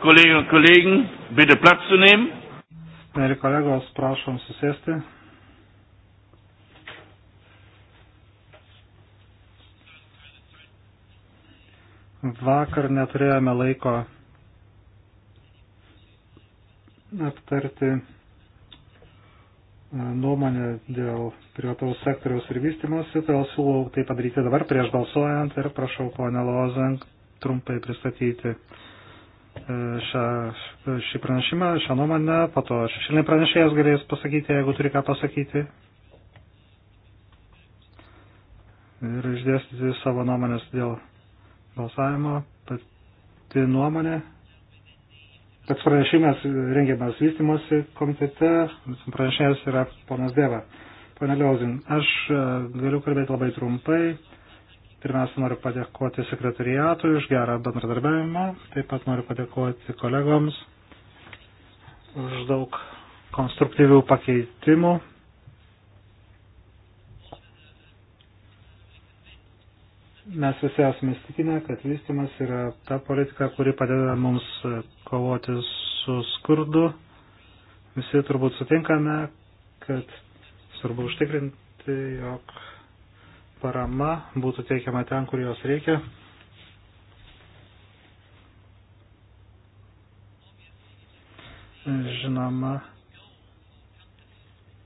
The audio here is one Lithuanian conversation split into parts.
Kolleginnen und Kollegen, bitte Platz zu nehmen. Mėly kolegos, prašom susėsti. Vakar neturėjome laiko aptarti e, nuomonę dėl privataus sektoriaus ir vystimosi, todėl tai siūlau tai padaryti dabar prieš balsuojant ir prašau ponę Lozang trumpai pristatyti E, šią, šį pranešimą, šią nuomonę, po to šešėlinį pranešėjas galės pasakyti, jeigu turi ką pasakyti. Ir išdėstyti savo nuomonės dėl balsavimo, pati nuomonė. Toks pranešimas rengiamas vystimosi komitete, pranešėjas yra ponas Deva. Pane Liauzin, aš e, galiu kalbėti labai trumpai. Pirmiausia, noriu padėkoti sekretariatui už gerą bendradarbiavimą. Taip pat noriu padėkoti kolegoms už daug konstruktyvių pakeitimų. Mes visi esame įstikinę, kad vystimas yra ta politika, kuri padeda mums kovoti su skurdu. Visi turbūt sutinkame, kad svarbu užtikrinti, jog parama būtų teikiama ten, kur jos reikia. Žinoma,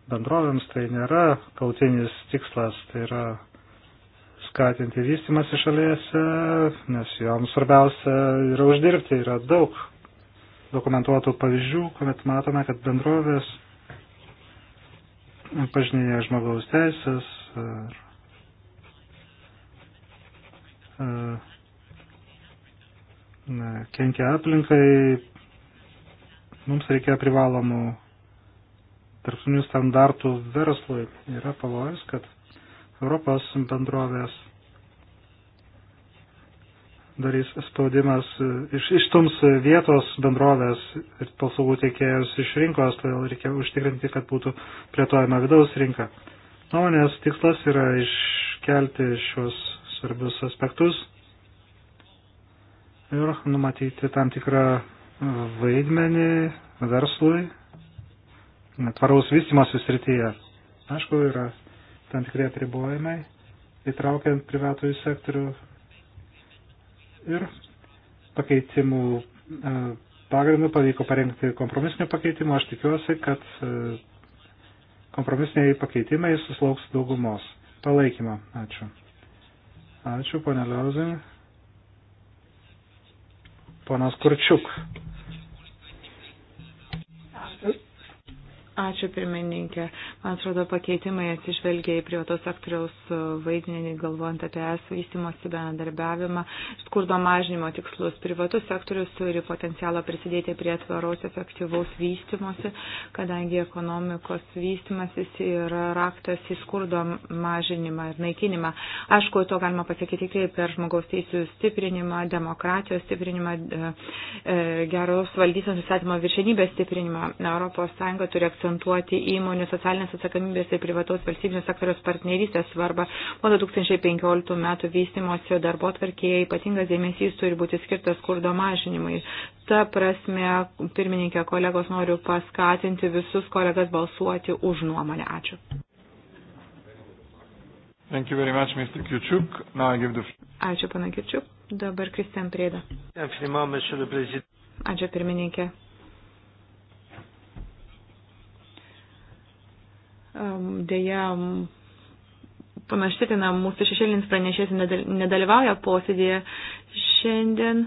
bendrovėms tai nėra kautinis tikslas, tai yra skatinti vystimąsi šalyse, nes joms svarbiausia yra uždirbti, yra daug dokumentuotų pavyzdžių, kuomet matome, kad bendrovės pažinėja žmogaus teisės ar kenkia aplinkai, mums reikia privalomų tarptautinių standartų verslui. Yra pavojus, kad Europos bendrovės darys spaudimas, iš, ištums vietos bendrovės ir paslaugų teikėjus iš rinkos, todėl reikia užtikrinti, kad būtų plėtojama vidaus rinka. Nuomonės tikslas yra iškelti šios svarbius aspektus ir numatyti tam tikrą vaidmenį verslui tvaraus vystimosi srityje. Aišku, yra tam tikrie apribojimai, įtraukiant privatų į sektorių ir pakeitimų e, pagrindų pavyko parengti kompromisinių pakeitimų. Aš tikiuosi, kad e, kompromisiniai pakeitimai susilauks daugumos palaikymo. Ačiū. Ačiū, ponė Liauzai. Ponas Kurčiuk. Ačiū pirmininkė. Man atrodo, pakeitimai atsižvelgia į privataus sektoriaus vaidmenį, galvojant apie es vystimosi bendarbiavimą, skurdo mažinimo tikslus. Privatus sektorius turi potencialą prisidėti prie tvaraus efektyvaus vystimosi, kadangi ekonomikos vystimasis yra raktas į skurdo mažinimą ir naikinimą. Aišku, to galima pasakyti tik per žmogaus teisų stiprinimą, demokratijos stiprinimą, e, e, geros valdysenos įstatymo viršenybės stiprinimą. Europos Sąjunga turi akcentuoti akcentuoti įmonių socialinės atsakomybės ir privatos valstybinio sektoriaus partnerystės svarbą. Po 2015 metų vystimosi darbo tvarkėje ypatingas dėmesys turi būti skirtas skurdo mažinimui. Ta prasme, pirmininkė kolegos, noriu paskatinti visus kolegas balsuoti už nuomonę. Ačiū. Thank you very much, Mr. Kirčiuk. Now I give the... Ačiū, pana Kirčiuk. Dabar Kristian Prėda. Ačiū, pirmininkė. Deja, panaštitina mūsų šešėlinis pranešės nedalyvauja posėdėje šiandien.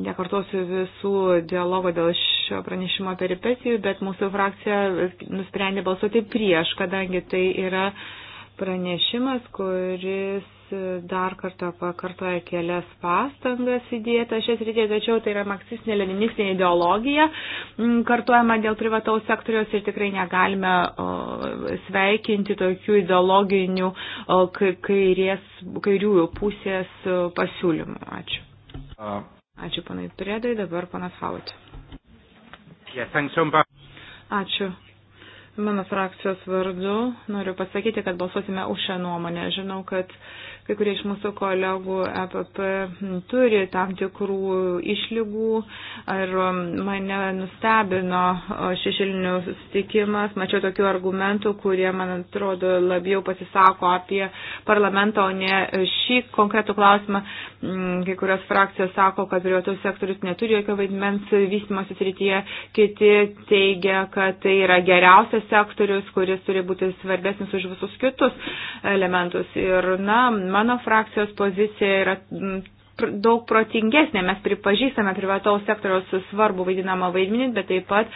Nekartosiu visų dialogo dėl šio pranešimo peripecijų, bet mūsų frakcija nusprendė balsuoti prieš, kadangi tai yra pranešimas, kuris dar kartą pakartoja kelias pastangas įdėtas šias rytė, tačiau tai yra marksistinė leninistinė ideologija, mm, kartuojama dėl privataus sektoriaus ir tikrai negalime sveikinti tokių ideologinių kairės, kairiųjų pusės pasiūlymų. Ačiū. Ačiū panai Priedai, dabar panas Haut. Yeah, Ačiū. Mano frakcijos vardu noriu pasakyti, kad balsuosime už šią nuomonę. Žinau, kad kai kurie iš mūsų kolegų EPP turi tam tikrų išlygų ir um, mane nustebino šešilinių sustikimas. Mačiau tokių argumentų, kurie, man atrodo, labiau pasisako apie parlamentą, o ne šį konkretų klausimą. Mm, kai kurios frakcijos sako, kad privatus sektorius neturi jokio vaidmens vystimosi srityje, kiti teigia, kad tai yra geriausias sektorius, kuris turi būti svarbesnis už visus kitus elementus. Ir, na, mano frakcijos pozicija yra daug protingesnė. Mes pripažįstame privataus sektoriaus svarbu vaidinamą vaidmenį, bet taip pat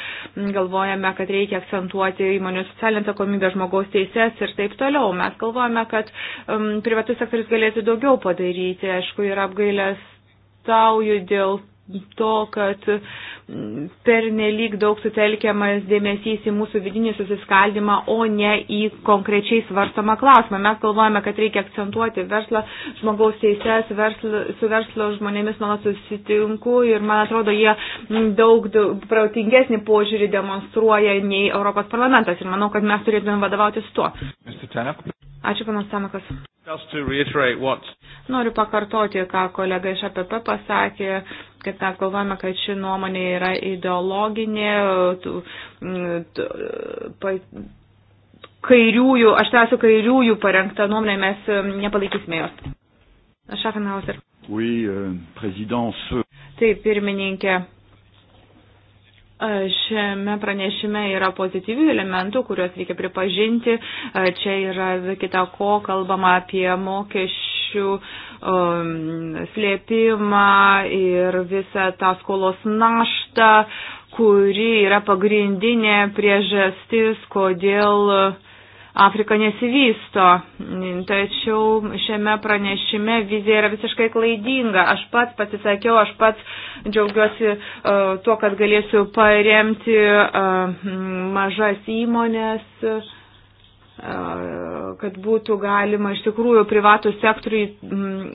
galvojame, kad reikia akcentuoti įmonių socialinę atsakomybę, žmogaus teises ir taip toliau. Mes galvojame, kad um, privatus sektorius galėtų daugiau padaryti. Aišku, yra apgailės tauju dėl to, kad mm, per nelik daug sutelkiamas dėmesys į mūsų vidinį susiskaldimą, o ne į konkrečiai svarstamą klausimą. Mes galvojame, kad reikia akcentuoti verslą, žmogaus teises, verslo, su verslo žmonėmis nuolat susitinku ir man atrodo, jie mm, daug, daug protingesnį požiūrį demonstruoja nei Europos parlamentas ir manau, kad mes turėtume vadovautis tuo. Ačiū, panas Samakas. What... Noriu pakartoti, ką kolega iš APP pasakė kad mes galvojame, kad ši nuomonė yra ideologinė, t, t, pa, kairiųjų, aš esu kairiųjų parengta nuomonė, mes nepalaikysime jos. Schaffenhauser. Oui, euh, Taip, pirmininkė. Šiame pranešime yra pozityvių elementų, kuriuos reikia pripažinti. Čia yra kita ko kalbama apie mokesčių Um, slėpimą ir visą tą skolos naštą, kuri yra pagrindinė priežastis, kodėl Afrika nesivysto. Tačiau šiame pranešime vizija yra visiškai klaidinga. Aš pats pasisakiau, aš pats džiaugiuosi uh, tuo, kad galėsiu paremti uh, mažas įmonės. Uh, kad būtų galima iš tikrųjų privatų sektorių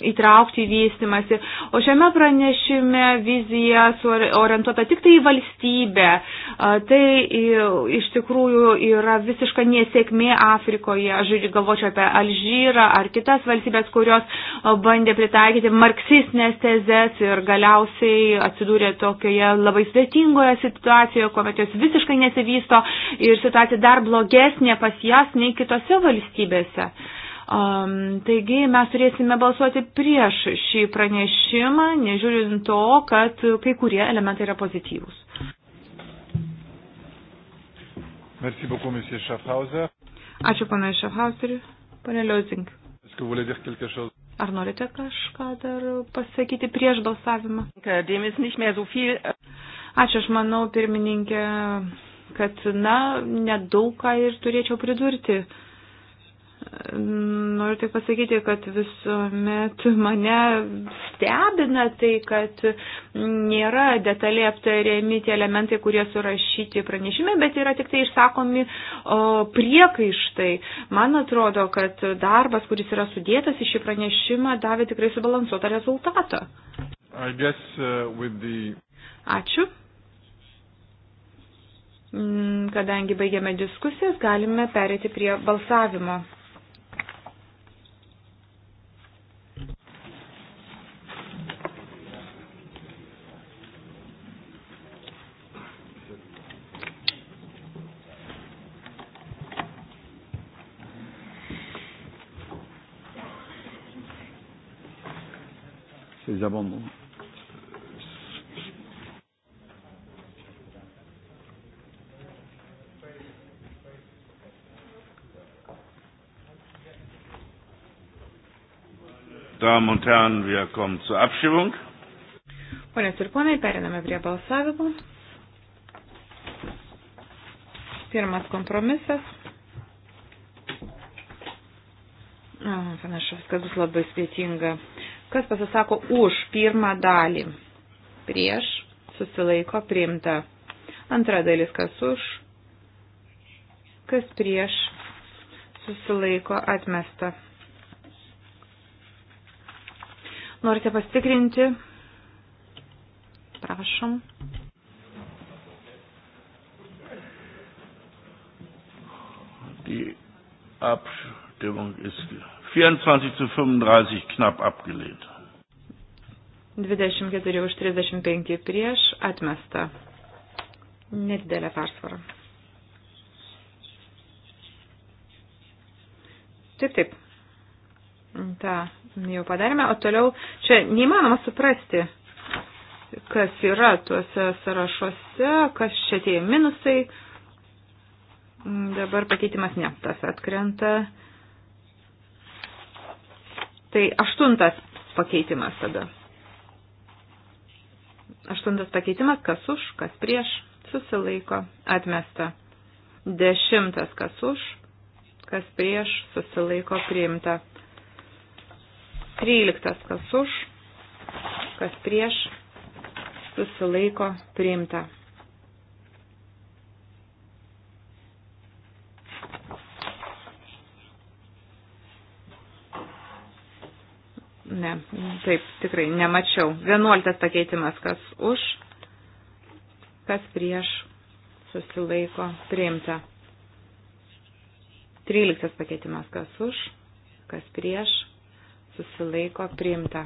įtraukti į vystimąsi. O šiame pranešime vizija orientuota tik tai į valstybę. Tai iš tikrųjų yra visiška nesėkmė Afrikoje. Aš galvočiau apie Alžyrą ar kitas valstybės, kurios bandė pritaikyti marksistinės tezes ir galiausiai atsidūrė tokioje labai sudėtingoje situacijoje, kuomet jos visiškai nesivysto ir situacija dar blogesnė pas jas nei kitose valstybėse. Um, taigi mes turėsime balsuoti prieš šį pranešimą, nežiūrint to, kad kai kurie elementai yra pozityvūs. Merci beaucoup, monsieur Schaffhauser. Ačiū, pana Schaffhauser. Pane Liozink. Ar norite kažką dar pasakyti prieš balsavimą? Ačiū, aš manau, pirmininkė kad, na, nedaug ką ir turėčiau pridurti. Noriu tik pasakyti, kad visuomet mane stebina tai, kad nėra detaliai aptariami tie elementai, kurie surašyti pranešime, bet yra tik tai išsakomi o, priekaištai. Man atrodo, kad darbas, kuris yra sudėtas į šį pranešimą, davė tikrai subalansuotą rezultatą. Guess, uh, the... Ačiū. Mm, kadangi baigiame diskusijas, galime perėti prie balsavimo. Ces amendements. Damen und Herren, wir kommen zur Abstimmung. Ponios ir ponai, periname prie balsavimo. Pirmas kompromisas. Panašu, viskas bus labai sveitinga. Kas pasisako už pirmą dalį? Prieš susilaiko priimta. Antra dalis kas už? Kas prieš susilaiko atmesta. Norite pasitikrinti? Prašom. Die Abstimmung ist 24 zu 35 knapp abgelehnt. 24 už 35 prieš atmesta. Nedidelė persvara. Taip, taip tą jau padarėme, o toliau čia neįmanoma suprasti, kas yra tuose sąrašuose, kas čia tie minusai. Dabar pakeitimas ne, tas atkrenta. Tai aštuntas pakeitimas tada. Aštuntas pakeitimas, kas už, kas prieš, susilaiko, atmesta. Dešimtas, kas už, kas prieš, susilaiko, priimta. 13. Kas už, kas prieš, susilaiko priimta. Ne, taip, tikrai nemačiau. 11 pakeitimas, kas už, kas prieš, susilaiko priimta. 13 pakeitimas, kas už, kas prieš, susilaiko priimta.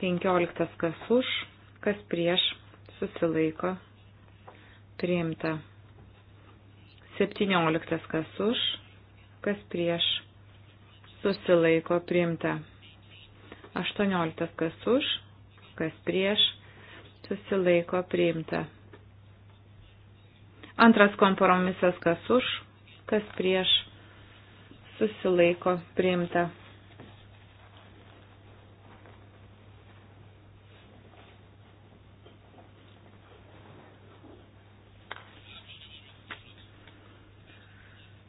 15 kas už, kas prieš, susilaiko priimta. 17 kas už, kas prieš, susilaiko priimta. 18 kas už, kas prieš, susilaiko priimta. Antras kompromisas kas už, kas prieš, susilaiko priimta.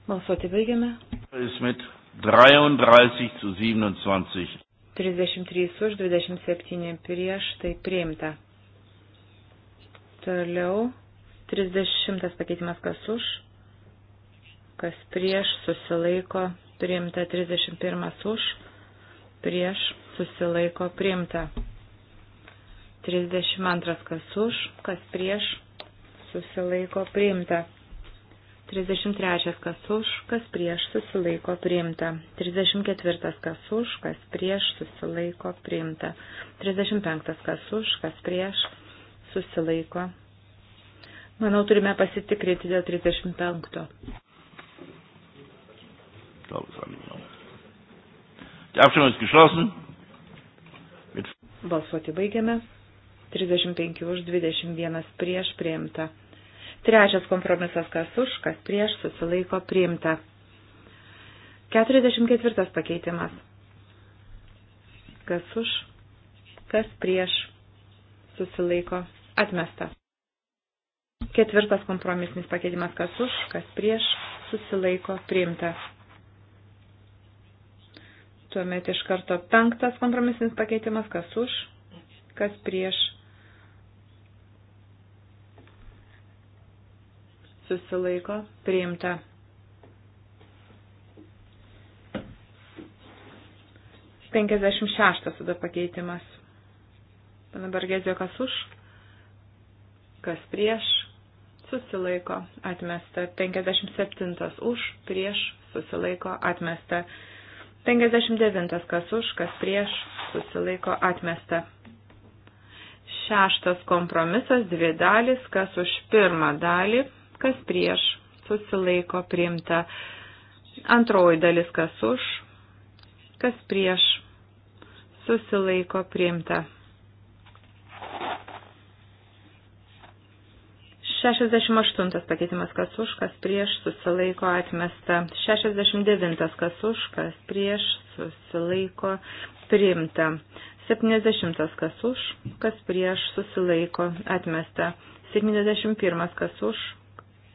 Balsuoti baigiame. 33 zu 27. 33 už, 27 prieš, tai priimta. Toliau 30 pakeitimas kas už, kas prieš susilaiko priimta 31 už, prieš susilaiko priimta 32 kas už, kas prieš susilaiko priimta 33 kas už, kas prieš susilaiko priimta 34 kas už, kas prieš susilaiko priimta 35 kas už, kas prieš susilaiko. Manau, turime pasitikrinti dėl 35. Ich glaube, es ist angenommen. Die Abstimmung ist geschlossen. Mit Balsuoti baigiame. 35 už 21 prieš priimta. Trečias kompromisas, kas už, kas prieš, susilaiko priimta. 44 pakeitimas. Kas už, kas prieš, susilaiko atmesta. Ketvirtas kompromisinis pakeitimas, kas už, kas prieš, susilaiko priimta. Tuomet iš karto penktas kompromisinis pakeitimas, kas už, kas prieš. Susilaiko, priimta. Penkiasdešimt šeštas tada pakeitimas. Pana Bargezio, kas už, kas prieš, susilaiko, atmesta. Penkiasdešimt septintas už, prieš, susilaiko, atmesta. 59. Kas už, kas prieš, susilaiko atmesta. Šeštas kompromisas, dvi dalis, kas už pirmą dalį, kas prieš, susilaiko priimta. Antroji dalis, kas už, kas prieš, susilaiko priimta. 68 pakeitimas kas už, kas prieš, susilaiko atmesta. 69 kas už, kas prieš, susilaiko priimta. 70 kas už, kas prieš, susilaiko atmesta. 71 kas už,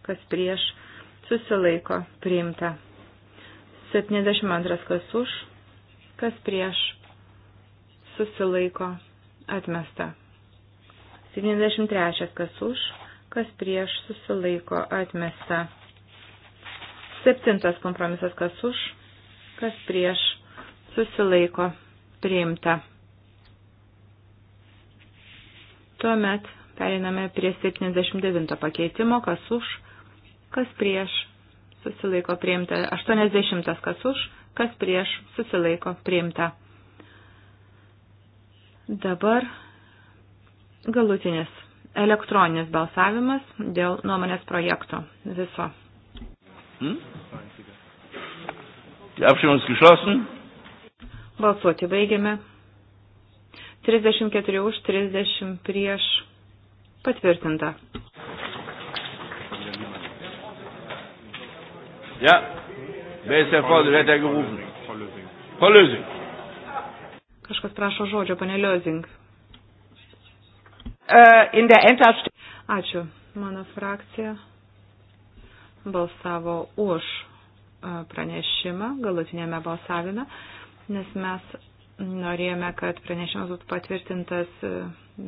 kas prieš, susilaiko priimta. 72 kas už, kas prieš, susilaiko atmesta. 73 kas už, kas prieš susilaiko atmesta. Septintas kompromisas, kas už, kas prieš susilaiko priimta. Tuomet periname prie 79 pakeitimo, kas už, kas prieš susilaiko priimta. 80 kas už, kas prieš susilaiko priimta. Dabar galutinis Elektroninis balsavimas dėl nuomonės projekto viso. Hmm? Balsuoti baigiame. 34 už, 30 prieš. Patvirtinta. Ja, wer ist der Frau, wer hat er gerufen? Frau Lösing. Kažkas prašo žodžio, panė Liozing. Äh, in der Endabstimmung. Ačiū. Mano frakcija balsavo už äh, pranešimą galutinėme balsavime, nes mes norėjome, kad pranešimas būtų patvirtintas äh,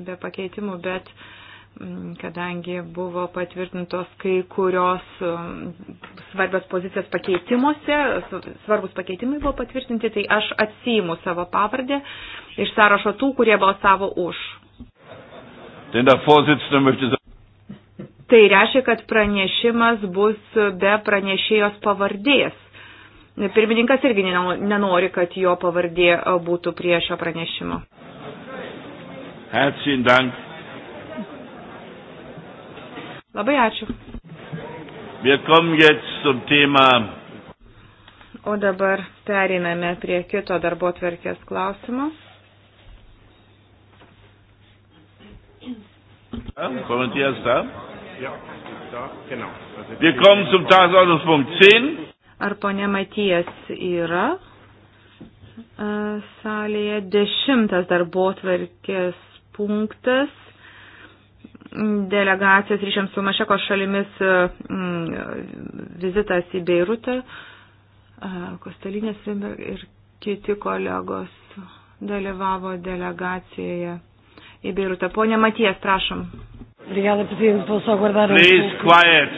be pakeitimų, bet mm, kadangi buvo patvirtintos kai kurios svarbios pozicijos pakeitimuose, svarbus pakeitimai buvo patvirtinti, tai aš atsijimu savo pavardę iš sąrašo tų, kurie balsavo už. Denn der Vorsitzende möchte sagen, Tai reiškia, kad pranešimas bus be pranešėjos pavardės. Pirmininkas irgi nenori, kad jo pavardė e, būtų prie šio pranešimo. Herzlichen Dank. Labai ačiū. Wir kommen jetzt zum Thema. O dabar periname prie kito darbo tvarkės klausimo. Kommentier ist da? Ja, da, genau. Wir kommen zum Tagesordnungspunkt 10. Ar ponia Matijas yra e, salėje? Dešimtas darbo tvarkės punktas. Delegacijos ryšiams su Mašeko šalimis e, vizitas į Beirutą. E, Kostalinės ir kiti kolegos dalyvavo delegacijoje į Beirutą. Pone Matijas, prašom. Brigada, presidente, posso aguardar um Please, quiet.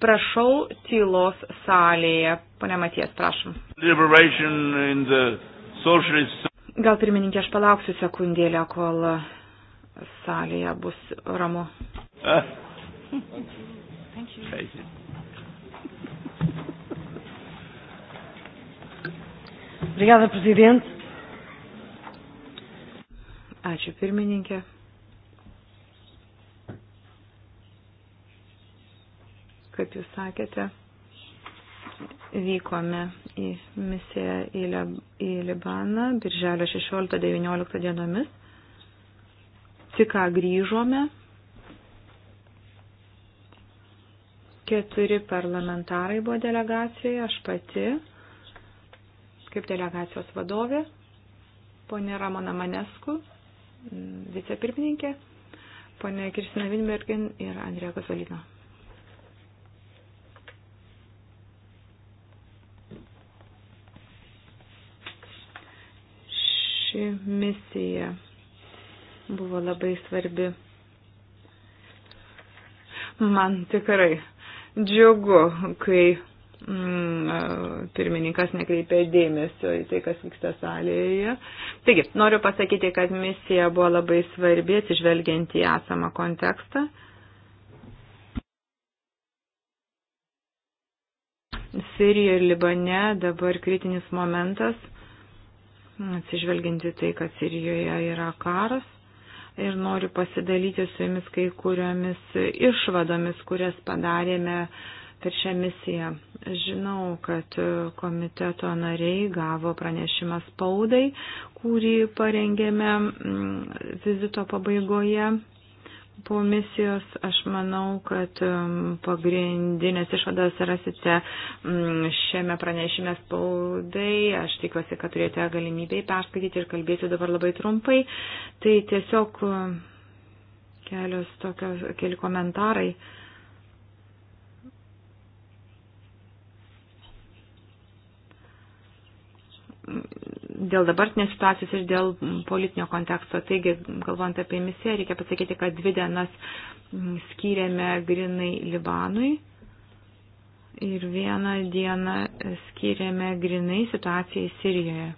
Prašau tylos salėje. Pone Matijas, prašom. Socialist... Gal pirmininkė, aš palauksiu sekundėlę, kol salėje bus ramu. Ah. Thank you. Thank you. Obrigada, Presidente. Ačiū pirmininkė. Kaip jūs sakėte, vykome į misiją į, Leb į Libaną birželio 16-19 dienomis. Tik ką grįžome. Keturi parlamentarai buvo delegacijoje, aš pati kaip delegacijos vadovė, ponė Ramona Manesku, vicepirmininkė, ponė Kristina Vinbergin ir Andrija Kasolino. Ši misija buvo labai svarbi. Man tikrai džiugu, kai mm, pirmininkas nekreipė dėmesio į tai, kas vyksta salėje. Taigi, noriu pasakyti, kad misija buvo labai svarbi, atsižvelgiant į esamą kontekstą. Sirijoje ir Libane dabar kritinis momentas, atsižvelginti tai, kad Sirijoje yra karas ir noriu pasidalyti su jumis kai kuriomis išvadomis, kurias padarėme uh, per šią misiją. Žinau, kad komiteto nariai gavo pranešimą spaudai, kurį parengėme mm, vizito pabaigoje. Po misijos aš manau, kad mm, pagrindinės išvadas rasite mm, šiame pranešime spaudai. Aš tikiuosi, kad turėjote galimybę perskaityti ir kalbėsiu dabar labai trumpai. Tai tiesiog kelios tokios, keli komentarai. Uh, dėl dabartinės situacijos ir dėl politinio konteksto. Taigi, galvojant apie misiją, reikia pasakyti, kad dvi dienas skyrėme grinai Libanui ir vieną dieną skyrėme grinai situacijai Sirijoje.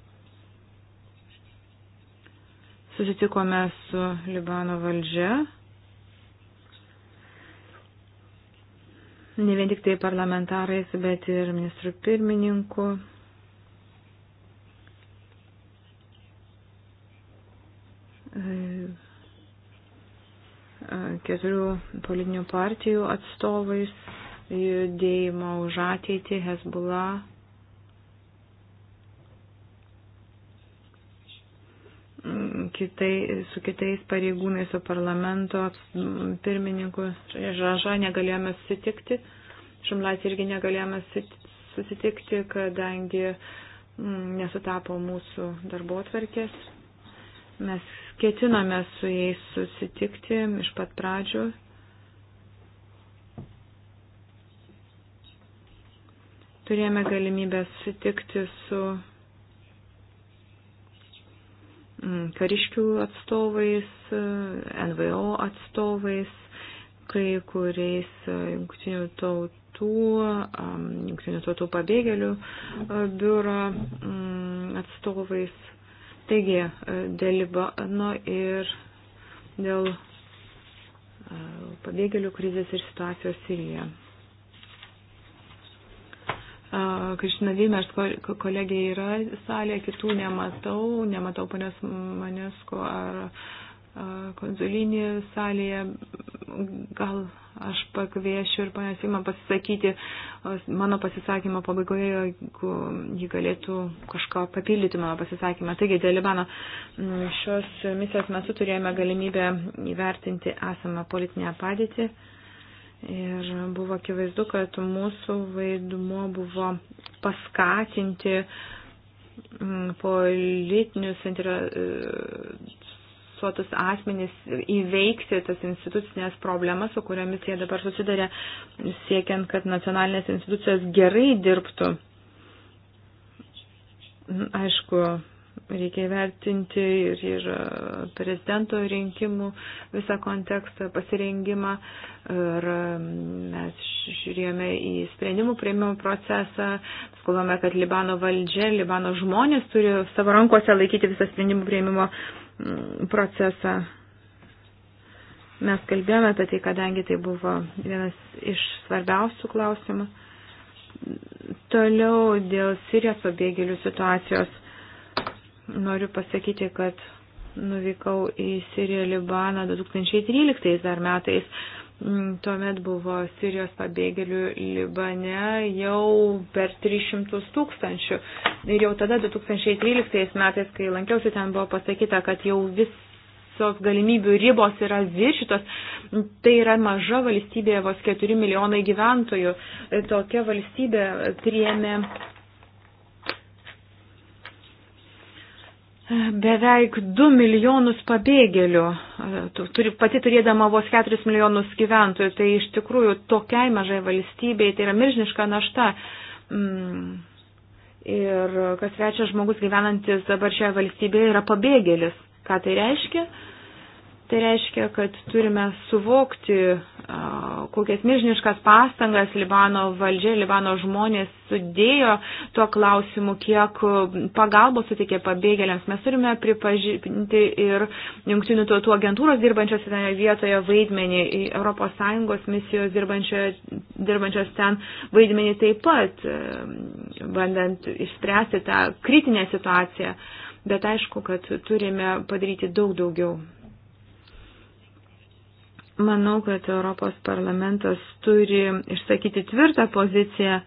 Susitikome su Libano valdžia. Ne vien tik tai parlamentarais, bet ir ministrų pirmininku, keturių politinių partijų atstovais, judėjimo už ateitį Hezbollah. Kitai, su kitais pareigūnais, su parlamento pirmininku Žaža negalėjome susitikti, Šumlais irgi negalėjome susitikti, kadangi mm, nesutapo mūsų darbo atverkės Mes ketiname su jais susitikti iš pat pradžių. Turėjome galimybę susitikti su mm, kariškių atstovais, NVO atstovais, kai kuriais e, jungtinių tautų, e, jungtinių tautų pabėgėlių e, biuro mm, atstovais. Taigi, e, dėl Libano ir dėl e, pabėgėlių krizės ir situacijos Sirijoje. E, Kristina Vimers kolegė yra salėje, kitų nematau, nematau ponios Manesko ar konzulinį salėje. Gal aš pakviešiu ir panesimą pasisakyti mano pasisakymo pabaigoje, jeigu ji galėtų kažką papildyti mano pasisakymą. Taigi, dėl Libano šios misijos metu turėjome galimybę įvertinti esamą politinę padėtį. Ir buvo akivaizdu, kad mūsų vaidmuo buvo paskatinti politinius suinteresuotus asmenys įveikti tas institucinės problemas, su kuriomis jie dabar susidarė, siekiant, kad nacionalinės institucijos gerai dirbtų. Nu, aišku, reikia vertinti ir, ir e, prezidento rinkimų visą kontekstą, pasirengimą. Ir mes žiūrėjome į sprendimų prieimimo procesą, skalbame, kad Libano valdžia, Libano žmonės turi savo rankose laikyti visą sprendimų prieimimo procesą procesą. Mes kalbėjome apie tai, kadangi tai buvo vienas iš svarbiausių klausimų. Toliau dėl Sirijos pabėgėlių situacijos noriu pasakyti, kad nuvykau į Siriją Libaną 2013 dar metais Mm, tuomet buvo Sirijos pabėgėlių Libane jau per 300 tūkstančių. Ir jau tada 2013 metais, kai lankiausi, ten buvo pasakyta, kad jau visos galimybių ribos yra viršytos. Tai yra maža valstybė, vos 4 milijonai gyventojų. Tokia valstybė priėmė beveik 2 milijonus pabėgėlių, turi, pati turėdama vos 4 milijonus gyventojų, tai iš tikrųjų tokiai mažai valstybei tai yra milžiniška našta. Mm. Ir kas trečias žmogus gyvenantis dabar šioje valstybėje yra pabėgėlis. Ką tai reiškia? Tai reiškia, kad turime suvokti, kokias milžiniškas pastangas Libano valdžia, Libano žmonės sudėjo tuo klausimu, kiek pagalbos sutikė pabėgėliams. Mes turime pripažinti ir jungtinių tautų agentūros dirbančios vienoje vietoje vaidmenį, ES misijos dirbančios ten vaidmenį taip pat, e, bandant išspręsti tą kritinę situaciją. Bet aišku, kad turime padaryti daug daugiau. Manau, kad Europos parlamentas turi išsakyti tvirtą poziciją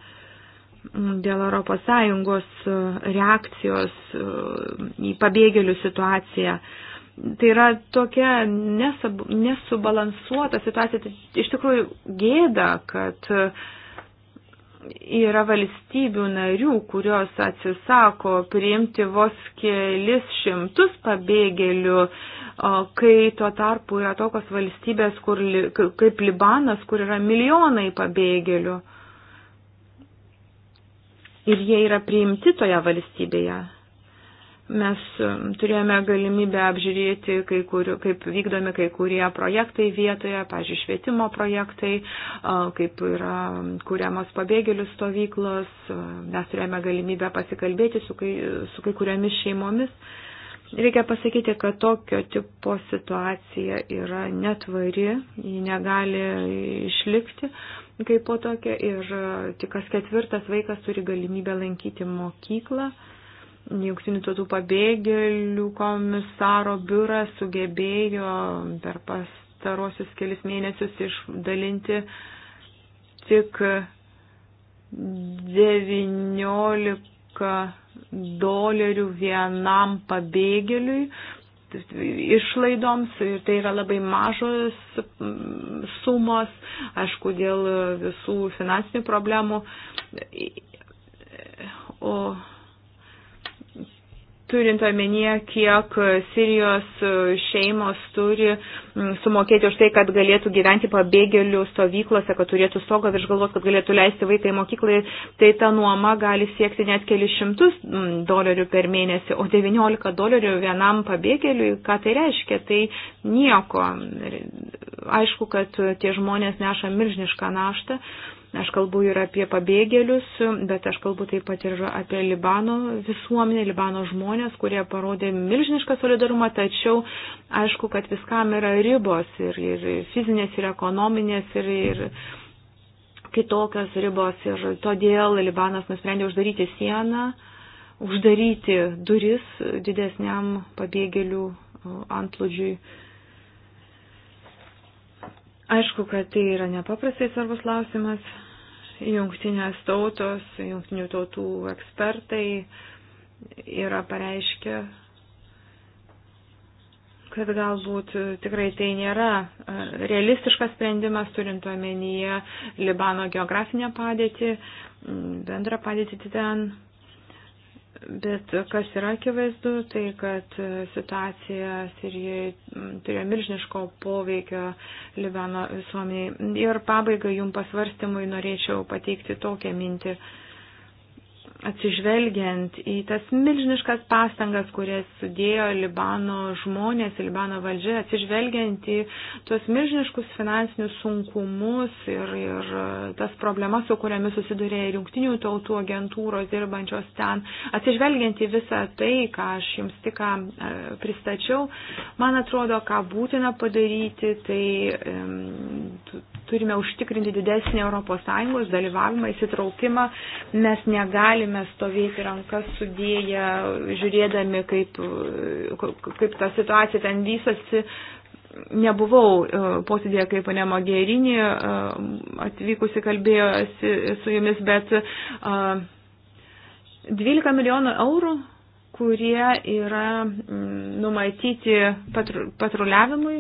dėl Europos Sąjungos reakcijos e, į pabėgėlių situaciją. Tai yra tokia nesubalansuota situacija, tai iš tikrųjų gėda, kad uh, yra valstybių narių, kurios atsisako priimti vos kelis šimtus pabėgėlių, kai tuo tarpu yra tokios valstybės, kur, kaip Libanas, kur yra milijonai pabėgėlių. Ir jie yra priimti toje valstybėje. Mes um, turėjome galimybę apžiūrėti, kai kur, kaip vykdomi kai kurie projektai vietoje, pažiūrėjau, švietimo projektai, kaip yra um, kuriamos pabėgėlių stovyklos. Mes turėjome galimybę pasikalbėti su kai, su kai kuriomis šeimomis. Reikia pasakyti, kad tokio tipo situacija yra netvari, ji negali išlikti kaip po tokia ir tik kas ketvirtas vaikas turi galimybę lankyti mokyklą. Jungtinių tautų pabėgėlių komisaro biuras sugebėjo per pastarosius kelis mėnesius išdalinti tik 19 dolerių vienam pabėgėliui išlaidoms ir tai yra labai mažos sumos, aišku, dėl visų finansinių problemų. O turint omenyje, kiek e, Sirijos e, šeimos turi sumokėti už tai, kad galėtų gyventi pabėgėlių stovyklose, kad turėtų stogą virš galvos, kad galėtų leisti vaiką į mokyklą, tai ta nuoma gali siekti net kelius šimtus dolerių per mėnesį, o 19 dolerių vienam pabėgėliui, ką tai reiškia, tai nieko. Aišku, kad tie žmonės neša milžinišką naštą Aš kalbu ir apie pabėgėlius, bet aš kalbu taip pat ir apie Libano visuomenę, Libano žmonės, kurie parodė milžinišką solidarumą, tačiau aišku, kad viskam yra ribos ir, ir fizinės, ir ekonominės, ir, ir kitokios ribos. Ir todėl Libanas nusprendė uždaryti sieną, uždaryti duris didesniam pabėgėlių antplūdžiui. Aišku, kad tai yra nepaprastai svarbus klausimas jungtinės tautos, jungtinių tautų ekspertai yra pareiškę, kad galbūt tikrai tai nėra realistiškas sprendimas, turint omenyje Libano geografinę padėtį, bendrą padėtį ten. Bet kas yra akivaizdu, tai kad situacija Sirijoje turėjo milžiniško poveikio Libano visuomeniai. Ir pabaigai jum pasvarstymui norėčiau pateikti tokią mintį. Uh, atsižvelgiant į tas milžiniškas pastangas, kurias sudėjo Libano žmonės, Libano valdžia, atsižvelgiant į tuos milžiniškus finansinius sunkumus ir, ir tas problemas, su kuriamis susidurė ir jungtinių tautų agentūros dirbančios ten, atsižvelgiant į visą tai, ką aš jums tik e, pristačiau, man atrodo, ką būtina padaryti, tai turime užtikrinti didesnį ES dalyvavimą, įsitraukimą. Mes negalime stovėti rankas sudėję, žiūrėdami, kaip, kaip ta situacija ten vystosi. Nebuvau e, posėdėje, kaip pane Magerinį e, atvykusi kalbėjosi su jumis, bet 12 e, milijonų eurų kurie yra numatyti patru, patruliavimui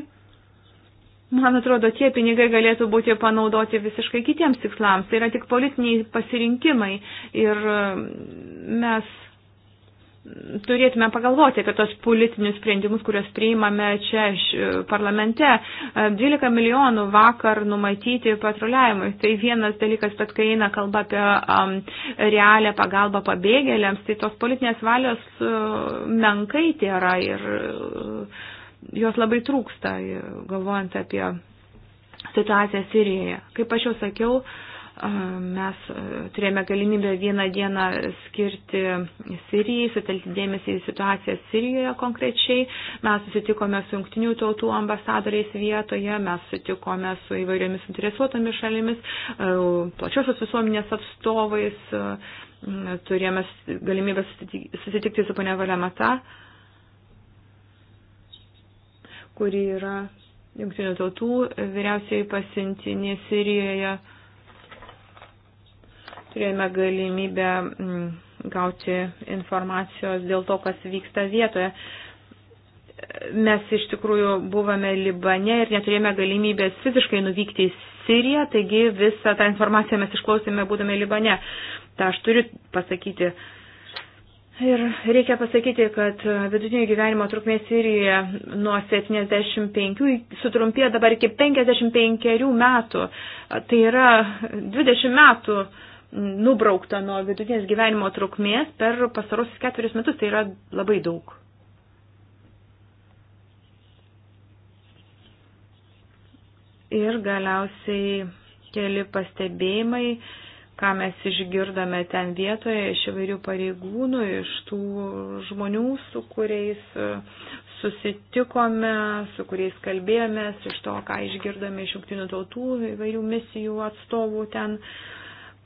Man atrodo, tie pinigai galėtų būti panaudoti visiškai kitiems tikslams. Tai yra tik politiniai pasirinkimai. Ir um, mes turėtume pagalvoti apie tos politinius sprendimus, kuriuos priimame čia parlamente. 12 um, milijonų vakar numatyti patruliavimui. Tai vienas dalykas, bet kai eina kalba apie um, realią pagalbą pabėgėliams, tai tos politinės valios uh, menkai tai yra ir uh, jos labai trūksta, galvojant apie situaciją Sirijoje. Kaip aš jau sakiau, mes turėjome galimybę vieną dieną skirti Sirijai, sutelkti dėmesį į situaciją Sirijoje konkrečiai. Mes susitikome su jungtinių tautų ambasadoriais vietoje, mes susitikome su įvairiomis interesuotomis šalimis, plačiosios visuomenės atstovais, turėjome galimybę susitikti su ponia Valemata kuri yra Junktinių tautų vyriausiai pasintinė Sirijoje. Turėjome galimybę mm, gauti informacijos dėl to, kas vyksta vietoje. Mes iš tikrųjų buvome Libane ir neturėjome galimybės fiziškai nuvykti į Siriją, taigi visą tą informaciją mes išklausėme būdami Libane. Ta aš turiu pasakyti, Ir reikia pasakyti, kad vidutinio gyvenimo trukmė Sirijoje nuo 75 sutrumpėjo dabar iki 55 metų. Tai yra 20 metų nubraukta nuo vidutinės gyvenimo trukmės per pastarosius ketverius metus. Tai yra labai daug. Ir galiausiai keli pastebėjimai ką mes išgirdome ten vietoje iš įvairių pareigūnų, iš tų žmonių, su kuriais e, susitikome, su kuriais kalbėjomės, iš to, ką išgirdome iš jungtinių tautų įvairių misijų atstovų ten.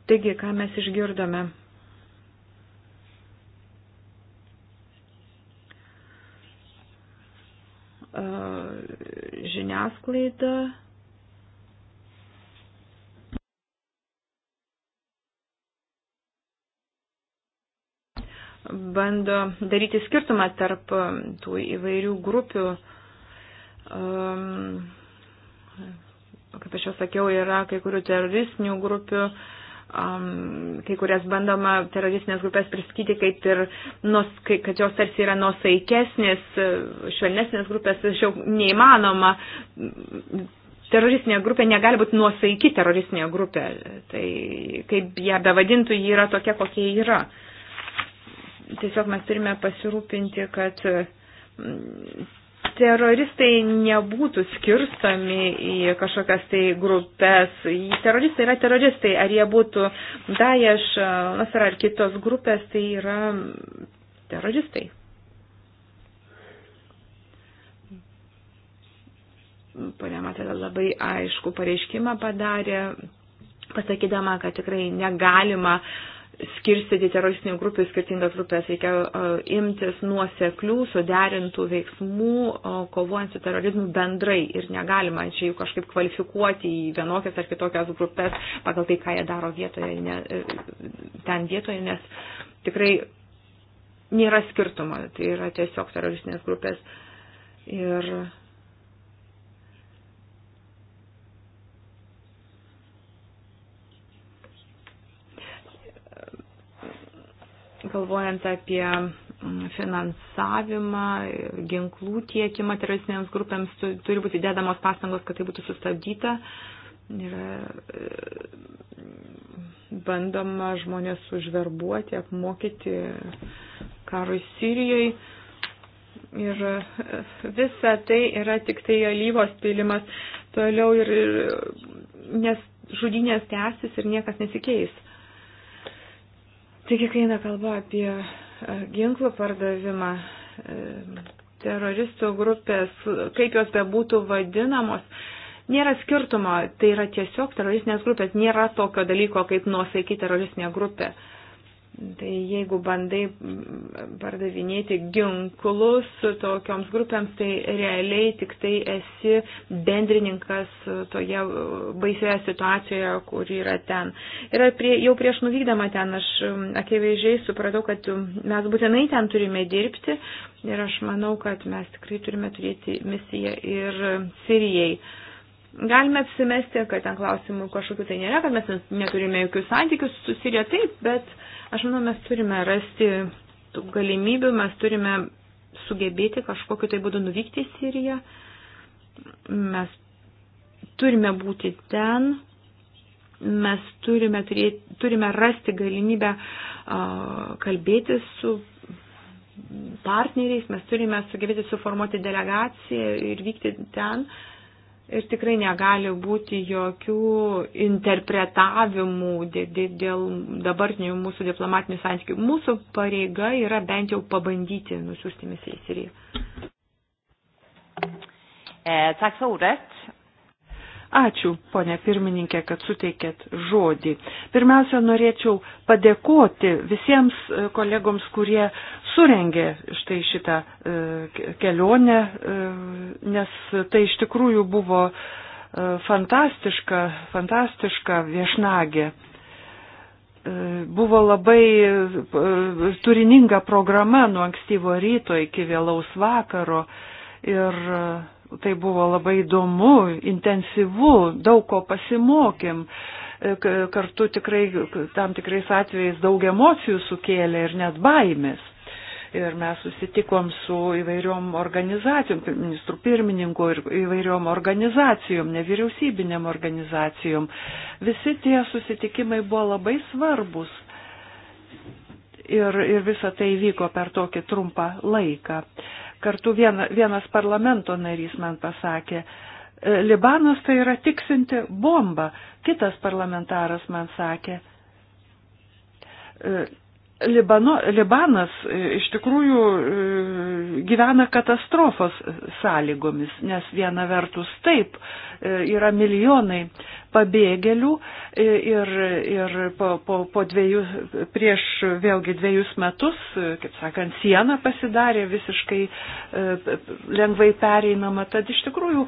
Taigi, ką mes išgirdome. E, žiniasklaida bando daryti skirtumą tarp tų įvairių grupių. Um, kaip aš jau sakiau, yra kai kurių teroristinių grupių, um, kai kurias bandoma teroristinės grupės priskyti, kaip ir, nus, kai, kad jos tarsi yra nusaikesnės, švelnesnės grupės, jau neįmanoma. Teroristinė grupė negali būti nuosaiki teroristinė grupė. Tai kaip ją bevadintų, ji yra tokia, kokia yra. Uh, tiesiog mes turime pasirūpinti, kad mm, teroristai nebūtų skirstomi į kažkokias tai grupės. Teroristai yra teroristai, ar jie būtų Daesh, Nasar ar kitos grupės, tai yra teroristai. Pane Matėda labai aišku pareiškimą padarė, pasakydama, kad tikrai negalima uh, skirstyti teroristinių grupių į skirtingas grupės, reikia imtis nuoseklių, suderintų veiksmų, kovojant su terorizmu bendrai ir negalima čia jų kažkaip kvalifikuoti į vienokias ar kitokias grupės pagal tai, ką jie daro vietoje, ne, e, ten vietoje, nes tikrai nėra skirtumo, tai yra tiesiog teroristinės grupės. Ir galvojant apie mm, finansavimą, ginklų tiekimą teroristinėms grupėms, turi būti dedamos pastangos, kad tai būtų sustabdyta. Yra e, bandoma žmonės užverbuoti, apmokyti karui Sirijoje. Ir e, visa tai yra tik tai alyvos pilimas toliau ir, ir nes žudynės tęsis ir niekas nesikeis. Taigi, kai eina kalba apie e, ginklų pardavimą, e, teroristų grupės, kaip jos bebūtų vadinamos, nėra skirtumo, tai yra tiesiog teroristinės grupės, nėra tokio dalyko kaip nuosaiky teroristinė grupė. Uh, Tai jeigu bandai pardavinėti ginklus tokioms grupėms, tai realiai tik tai esi bendrininkas toje baisioje situacijoje, kur yra ten. Ir prie, jau prieš nuvykdama ten aš akivaizdžiai supratau, kad mes būtinai ten turime dirbti ir aš manau, kad mes tikrai turime turėti misiją ir Sirijai. Galime apsimesti, kad ten klausimų kažkokiu tai nėra, kad mes neturime jokių santykių su Sirija, taip, bet aš manau, mes turime rasti tų galimybių, mes turime sugebėti kažkokiu tai būdu nuvykti į Siriją. Mes turime būti ten, mes turime, turėti, turime rasti galimybę uh, kalbėti su partneriais, mes turime sugebėti suformuoti delegaciją ir vykti ten. Uh, Ir tikrai negali būti jokių interpretavimų dėl dabartinių mūsų diplomatinių santykių. Mūsų pareiga yra bent jau pabandyti nusiųsti misiją į Siriją. Eh, tack för ordet. Ačiū, ponė pirmininkė, kad suteikėt žodį. Pirmiausia, norėčiau padėkoti visiems e, kolegoms, kurie surengė štai šitą e, kelionę, e, nes tai iš tikrųjų buvo fantastiška, fantastiška viešnagė. Buvo labai turininga programa nuo ankstyvo ryto iki vėlaus vakaro ir tai buvo labai įdomu, intensyvu, daug ko pasimokėm. E, kartu tikrai tam tikrais atvejais daug emocijų sukėlė ir net baimės. Ir mes susitikom su įvairiom organizacijom, ministrų pirmininku ir įvairiom organizacijom, nevyriausybinėm organizacijom. Visi tie susitikimai buvo labai svarbus. Ir, ir visa tai vyko per tokį trumpą laiką. Uh, kartu viena, vienas parlamento narys man pasakė, e, Libanas tai yra tiksinti bomba. Kitas parlamentaras man sakė, e, Libano, Libanas e, iš tikrųjų gyvena katastrofos sąlygomis, nes viena vertus taip yra milijonai pabėgėlių ir, ir po, po, po dviejų, prieš vėlgi dviejus metus, kaip sakant, siena pasidarė visiškai e, lengvai pereinama. Tad iš tikrųjų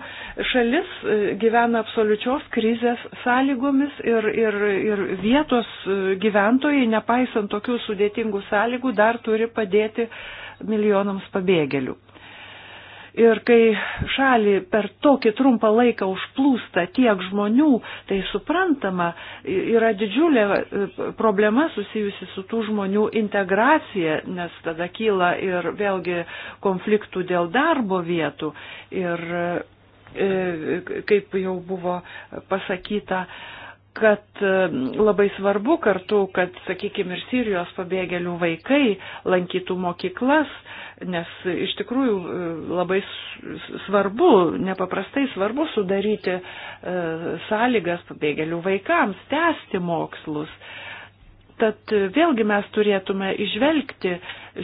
šalis e, gyvena absoliučios krizės sąlygomis ir, ir, ir vietos e, gyventojai, nepaisant tokių sudėtingų sąlygų, dar turi padėti milijonams pabėgėlių. Ir kai šalį per tokį trumpą laiką užplūsta tiek žmonių, tai suprantama, yra didžiulė e, problema susijusi su tų žmonių integracija, nes tada kyla ir vėlgi konfliktų dėl darbo vietų. Ir e, kaip jau buvo pasakyta, kad e, labai svarbu kartu, kad, sakykime, ir Sirijos pabėgėlių vaikai lankytų mokyklas, nes iš tikrųjų e, labai svarbu, nepaprastai svarbu sudaryti e, sąlygas pabėgėlių vaikams tęsti mokslus. Tad vėlgi mes turėtume išvelgti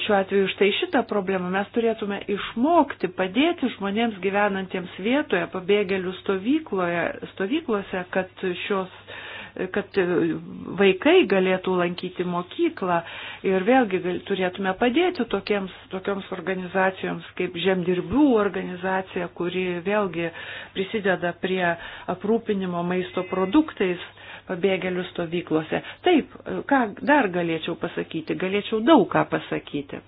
šiuo atveju štai šitą problemą, mes turėtume išmokti padėti žmonėms gyvenantiems vietoje, pabėgėlių stovykloje, stovyklose, kad šios kad vaikai galėtų lankyti mokyklą ir vėlgi gal, turėtume padėti tokiems, tokioms organizacijoms kaip žemdirbių organizacija, kuri vėlgi prisideda prie aprūpinimo maisto produktais pabėgėlių stovyklose. Taip, ką dar galėčiau pasakyti, galėčiau daug ką pasakyti.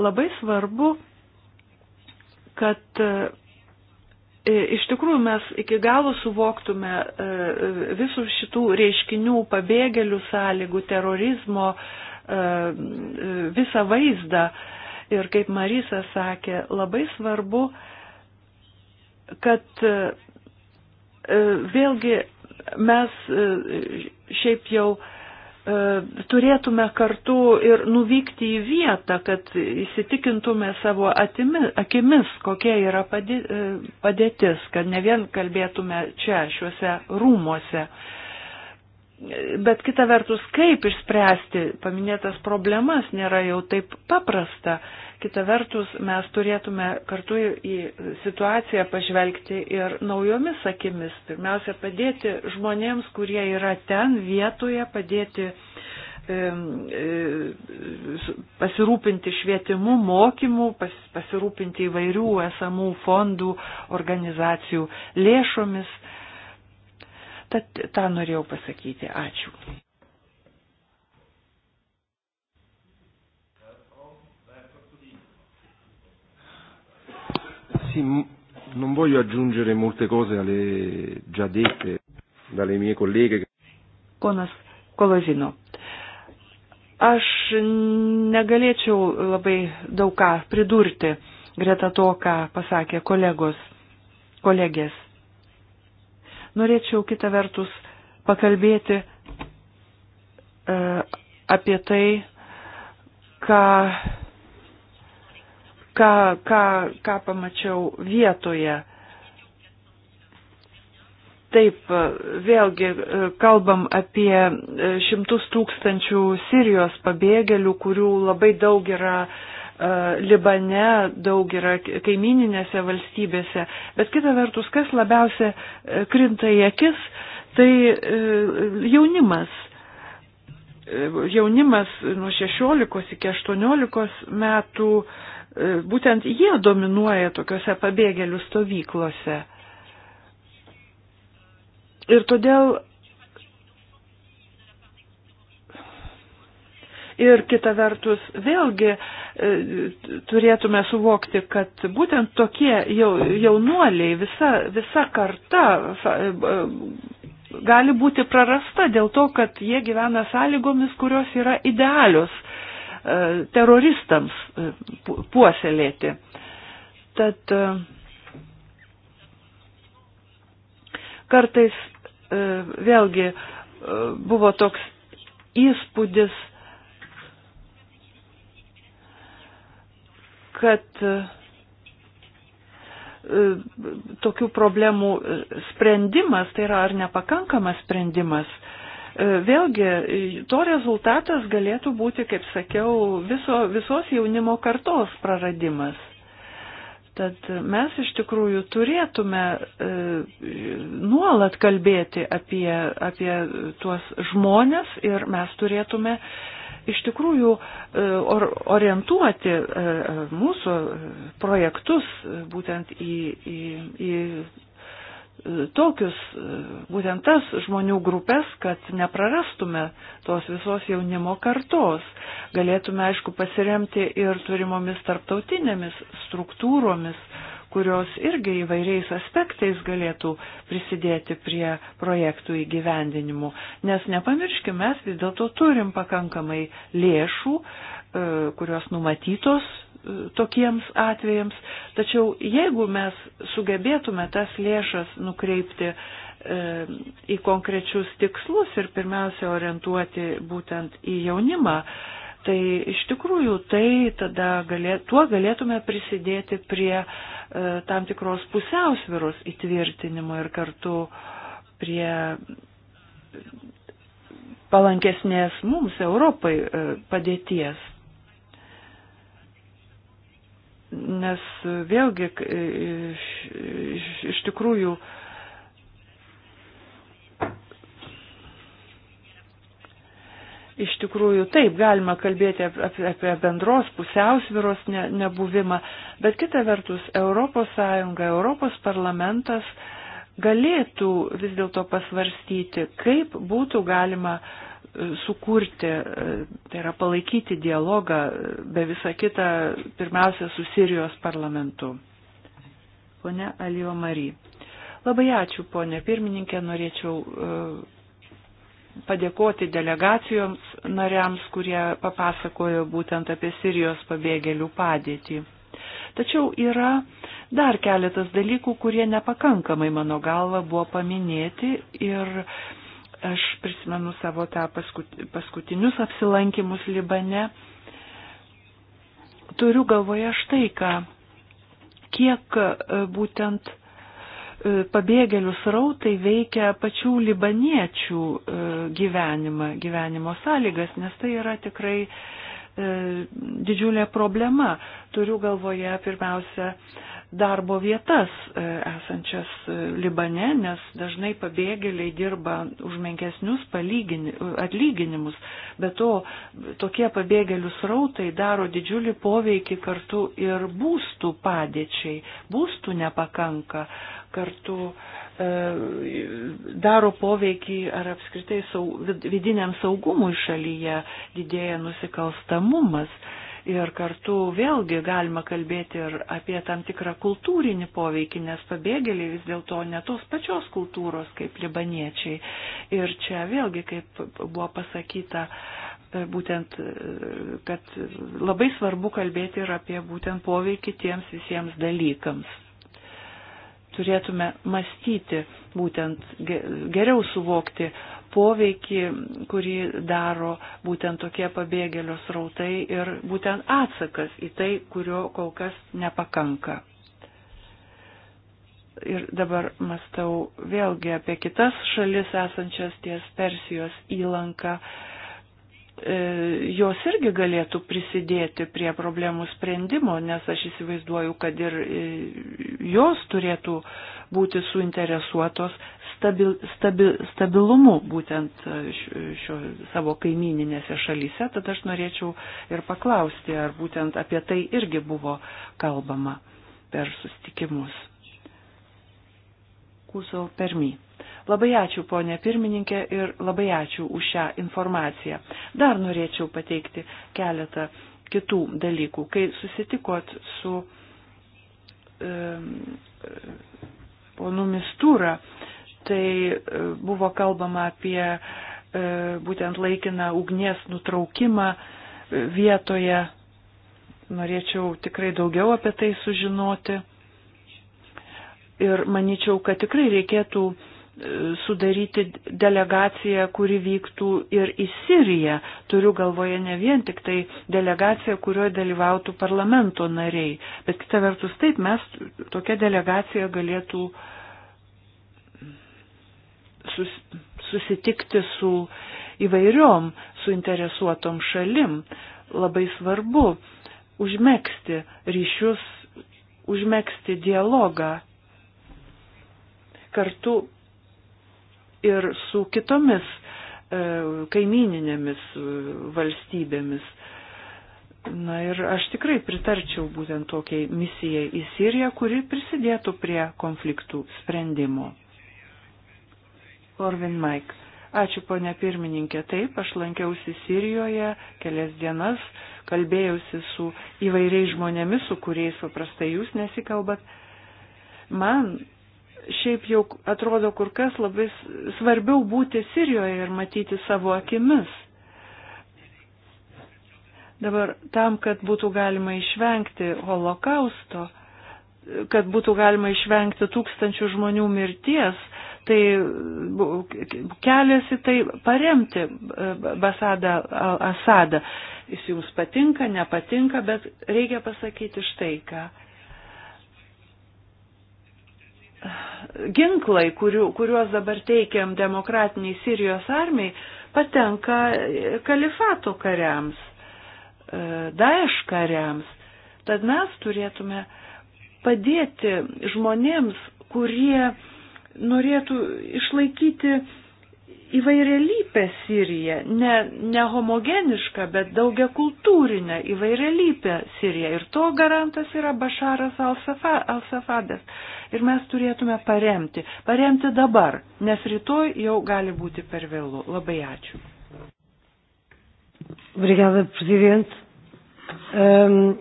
Labai svarbu, kad e, iš tikrųjų mes iki galo suvoktume e, visų šitų reiškinių, pabėgėlių sąlygų, terorizmo, e, visą vaizdą. Ir kaip Marisa sakė, labai svarbu, kad vėlgi mes e, šiaip jau e, turėtume kartu ir nuvykti į vietą, kad įsitikintume savo atimi, akimis, kokia yra e, padėtis, kad ne vien kalbėtume čia, šiuose rūmuose. Bet kita vertus, kaip išspręsti paminėtas problemas nėra jau taip paprasta. Kita vertus, mes turėtume kartu į situaciją pažvelgti ir naujomis akimis. Pirmiausia, padėti žmonėms, kurie yra ten vietoje, padėti e, e, pasirūpinti švietimu, mokymu, pas, pasirūpinti įvairių esamų fondų, organizacijų lėšomis Tad tą norėjau pasakyti. Ačiū. Sì, non voglio aggiungere molte cose alle già dette dalle mie colleghe. Ponas Kolozino, aš negalėčiau labai daug ką pridurti greta to, ką pasakė kolegos, kolegės. Norėčiau kitą vertus pakalbėti e, apie tai, ką, ką, ką, ką pamačiau vietoje. Taip, e, vėlgi e, kalbam apie e, šimtus tūkstančių Sirijos pabėgėlių, kurių labai daug yra uh, E, Libane, daug yra kaimininėse valstybėse, bet kita vertus, kas labiausia e, krinta į akis, tai e, jaunimas. Jaunimas nuo 16 iki 18 metų, būtent jie dominuoja tokiuose pabėgėlių stovyklose. Ir todėl Ir kita vertus, vėlgi e, turėtume suvokti, kad būtent tokie jaunuoliai, visa, visa karta e, e, gali būti prarasta dėl to, kad jie gyvena sąlygomis, kurios yra idealios teroristams puoselėti. Tad kartais vėlgi buvo toks įspūdis, kad e, e, tokių problemų sprendimas, tai yra ar nepakankamas sprendimas, e, vėlgi to rezultatas galėtų būti, kaip sakiau, viso, visos jaunimo kartos praradimas. Tad mes iš tikrųjų turėtume e, nuolat kalbėti apie, apie tuos žmonės ir mes turėtume iš tikrųjų e, or, orientuoti e, e mūsų projektus būtent į, į, į tokius, būtent tas žmonių grupės, kad neprarastume tos visos jaunimo kartos. Galėtume, aišku, pasiremti ir turimomis tarptautinėmis struktūromis, kurios irgi įvairiais aspektais galėtų prisidėti prie projektų įgyvendinimų. Nes nepamirškime, mes vis dėlto turim pakankamai lėšų, E, kurios numatytos e, tokiems atvejams. Tačiau jeigu mes sugebėtume tas lėšas nukreipti e, į konkrečius tikslus ir pirmiausia orientuoti būtent į jaunimą, tai iš tikrųjų tai tada galė, tuo galėtume prisidėti prie e, tam tikros pusiausviros įtvirtinimo ir kartu prie palankesnės mums Europai e, padėties nes vėlgi iš, iš, iš tikrųjų Iš tikrųjų, taip, galima kalbėti apie, apie bendros pusiausviros ne, nebuvimą, bet kita vertus, ES, Europos parlamentas galėtų vis dėlto pasvarstyti, kaip būtų galima uh, sukurti, tai yra palaikyti dialogą, be visa kita, pirmiausia, su Sirijos parlamentu. Pone Alijo Mary. Labai ačiū, ponė pirmininkė, norėčiau e, padėkoti delegacijoms nariams, kurie papasakojo būtent apie Sirijos pabėgėlių padėtį. Tačiau yra dar keletas dalykų, kurie nepakankamai, mano galva, buvo paminėti ir Aš prisimenu savo tą paskutinius apsilankimus Libane. Turiu galvoje štai ką, kiek e, būtent e, pabėgėlių srautai veikia pačių libaniečių e, gyvenimą, gyvenimo sąlygas, nes tai yra tikrai didžiulė problema. Turiu galvoje pirmiausia darbo vietas e, esančias e, Libane, nes dažnai pabėgėliai dirba už menkesnius atlyginimus, bet to tokie pabėgėlių srautai daro didžiulį poveikį kartu ir būstų padėčiai, būstų nepakanka, kartu e, daro poveikį ar apskritai vidiniam saugumui šalyje didėja nusikalstamumas. Ir kartu vėlgi galima kalbėti ir apie tam tikrą kultūrinį poveikį, nes pabėgėliai vis dėlto ne tos pačios kultūros kaip libaniečiai. Ir čia vėlgi, kaip buvo pasakyta, e, būtent, e, kad labai svarbu kalbėti ir apie būtent poveikį tiems visiems dalykams. Turėtume mąstyti, būtent geriau suvokti, poveikį, kurį daro būtent tokie pabėgėlio srautai ir būtent atsakas į tai, kurio kol kas nepakanka ir dabar mastau vėlgi apie kitas šalis esančias ties Persijos įlanka, E, jos irgi galėtų prisidėti prie problemų sprendimo, nes aš įsivaizduoju, kad ir e, jos turėtų būti suinteresuotos stabil, stabil, stabilumu būtent e, šio, savo kaimininėse šalyse. Tad aš norėčiau ir paklausti, ar būtent apie tai irgi buvo kalbama per sustikimus. Kuso permy. Labai ačiū, ponė pirmininkė, ir labai ačiū už šią informaciją. Dar norėčiau pateikti keletą kitų dalykų. Kai susitikot su tai, e, ponu Mistūra, tai buvo kalbama apie e, būtent laikiną ugnies nutraukimą e, vietoje. Norėčiau tikrai daugiau apie tai sužinoti. Ir manyčiau, kad tikrai reikėtų sudaryti delegaciją, kuri vyktų ir į Siriją. Turiu galvoje ne vien tik tai delegaciją, kurioje dalyvautų parlamento nariai, bet kita vertus taip mes tokia delegacija galėtų sus, susitikti su įvairiom suinteresuotom šalim. Labai svarbu užmėgsti ryšius, užmėgsti dialogą kartu ir su kitomis e, kaimininėmis e, valstybėmis. Na ir aš tikrai pritarčiau būtent tokiai misijai į Siriją, kuri prisidėtų prie konfliktų sprendimo. Orvin Mike. Ačiū, ponė pirmininkė. Taip, aš lankiausi Sirijoje kelias dienas, kalbėjausi su įvairiais žmonėmis, su kuriais paprastai jūs nesikalbat. Man šiaip jau atrodo kur kas labai svarbiau būti Sirijoje ir matyti savo akimis. Dabar tam, kad būtų galima išvengti holokausto, kad būtų galima išvengti tūkstančių žmonių mirties, tai keliasi tai paremti e, Basadą Asadą. Jis jums patinka, nepatinka, bet reikia pasakyti štai ką ginklai, kuriu, kuriuos dabar teikiam demokratiniai Sirijos armijai, patenka kalifato kariams, e, daeš kariams. Tad mes turėtume padėti žmonėms, kurie norėtų išlaikyti įvairialypę Siriją, ne, ne homogenišką, bet daugia kultūrinę įvairialypę Siriją. Ir to garantas yra Bašaras Al-Safadas. Ir mes turėtume paremti. Paremti dabar, nes rytoj jau gali būti per vėlų. Labai ačiū. Obrigada, prezident. Um...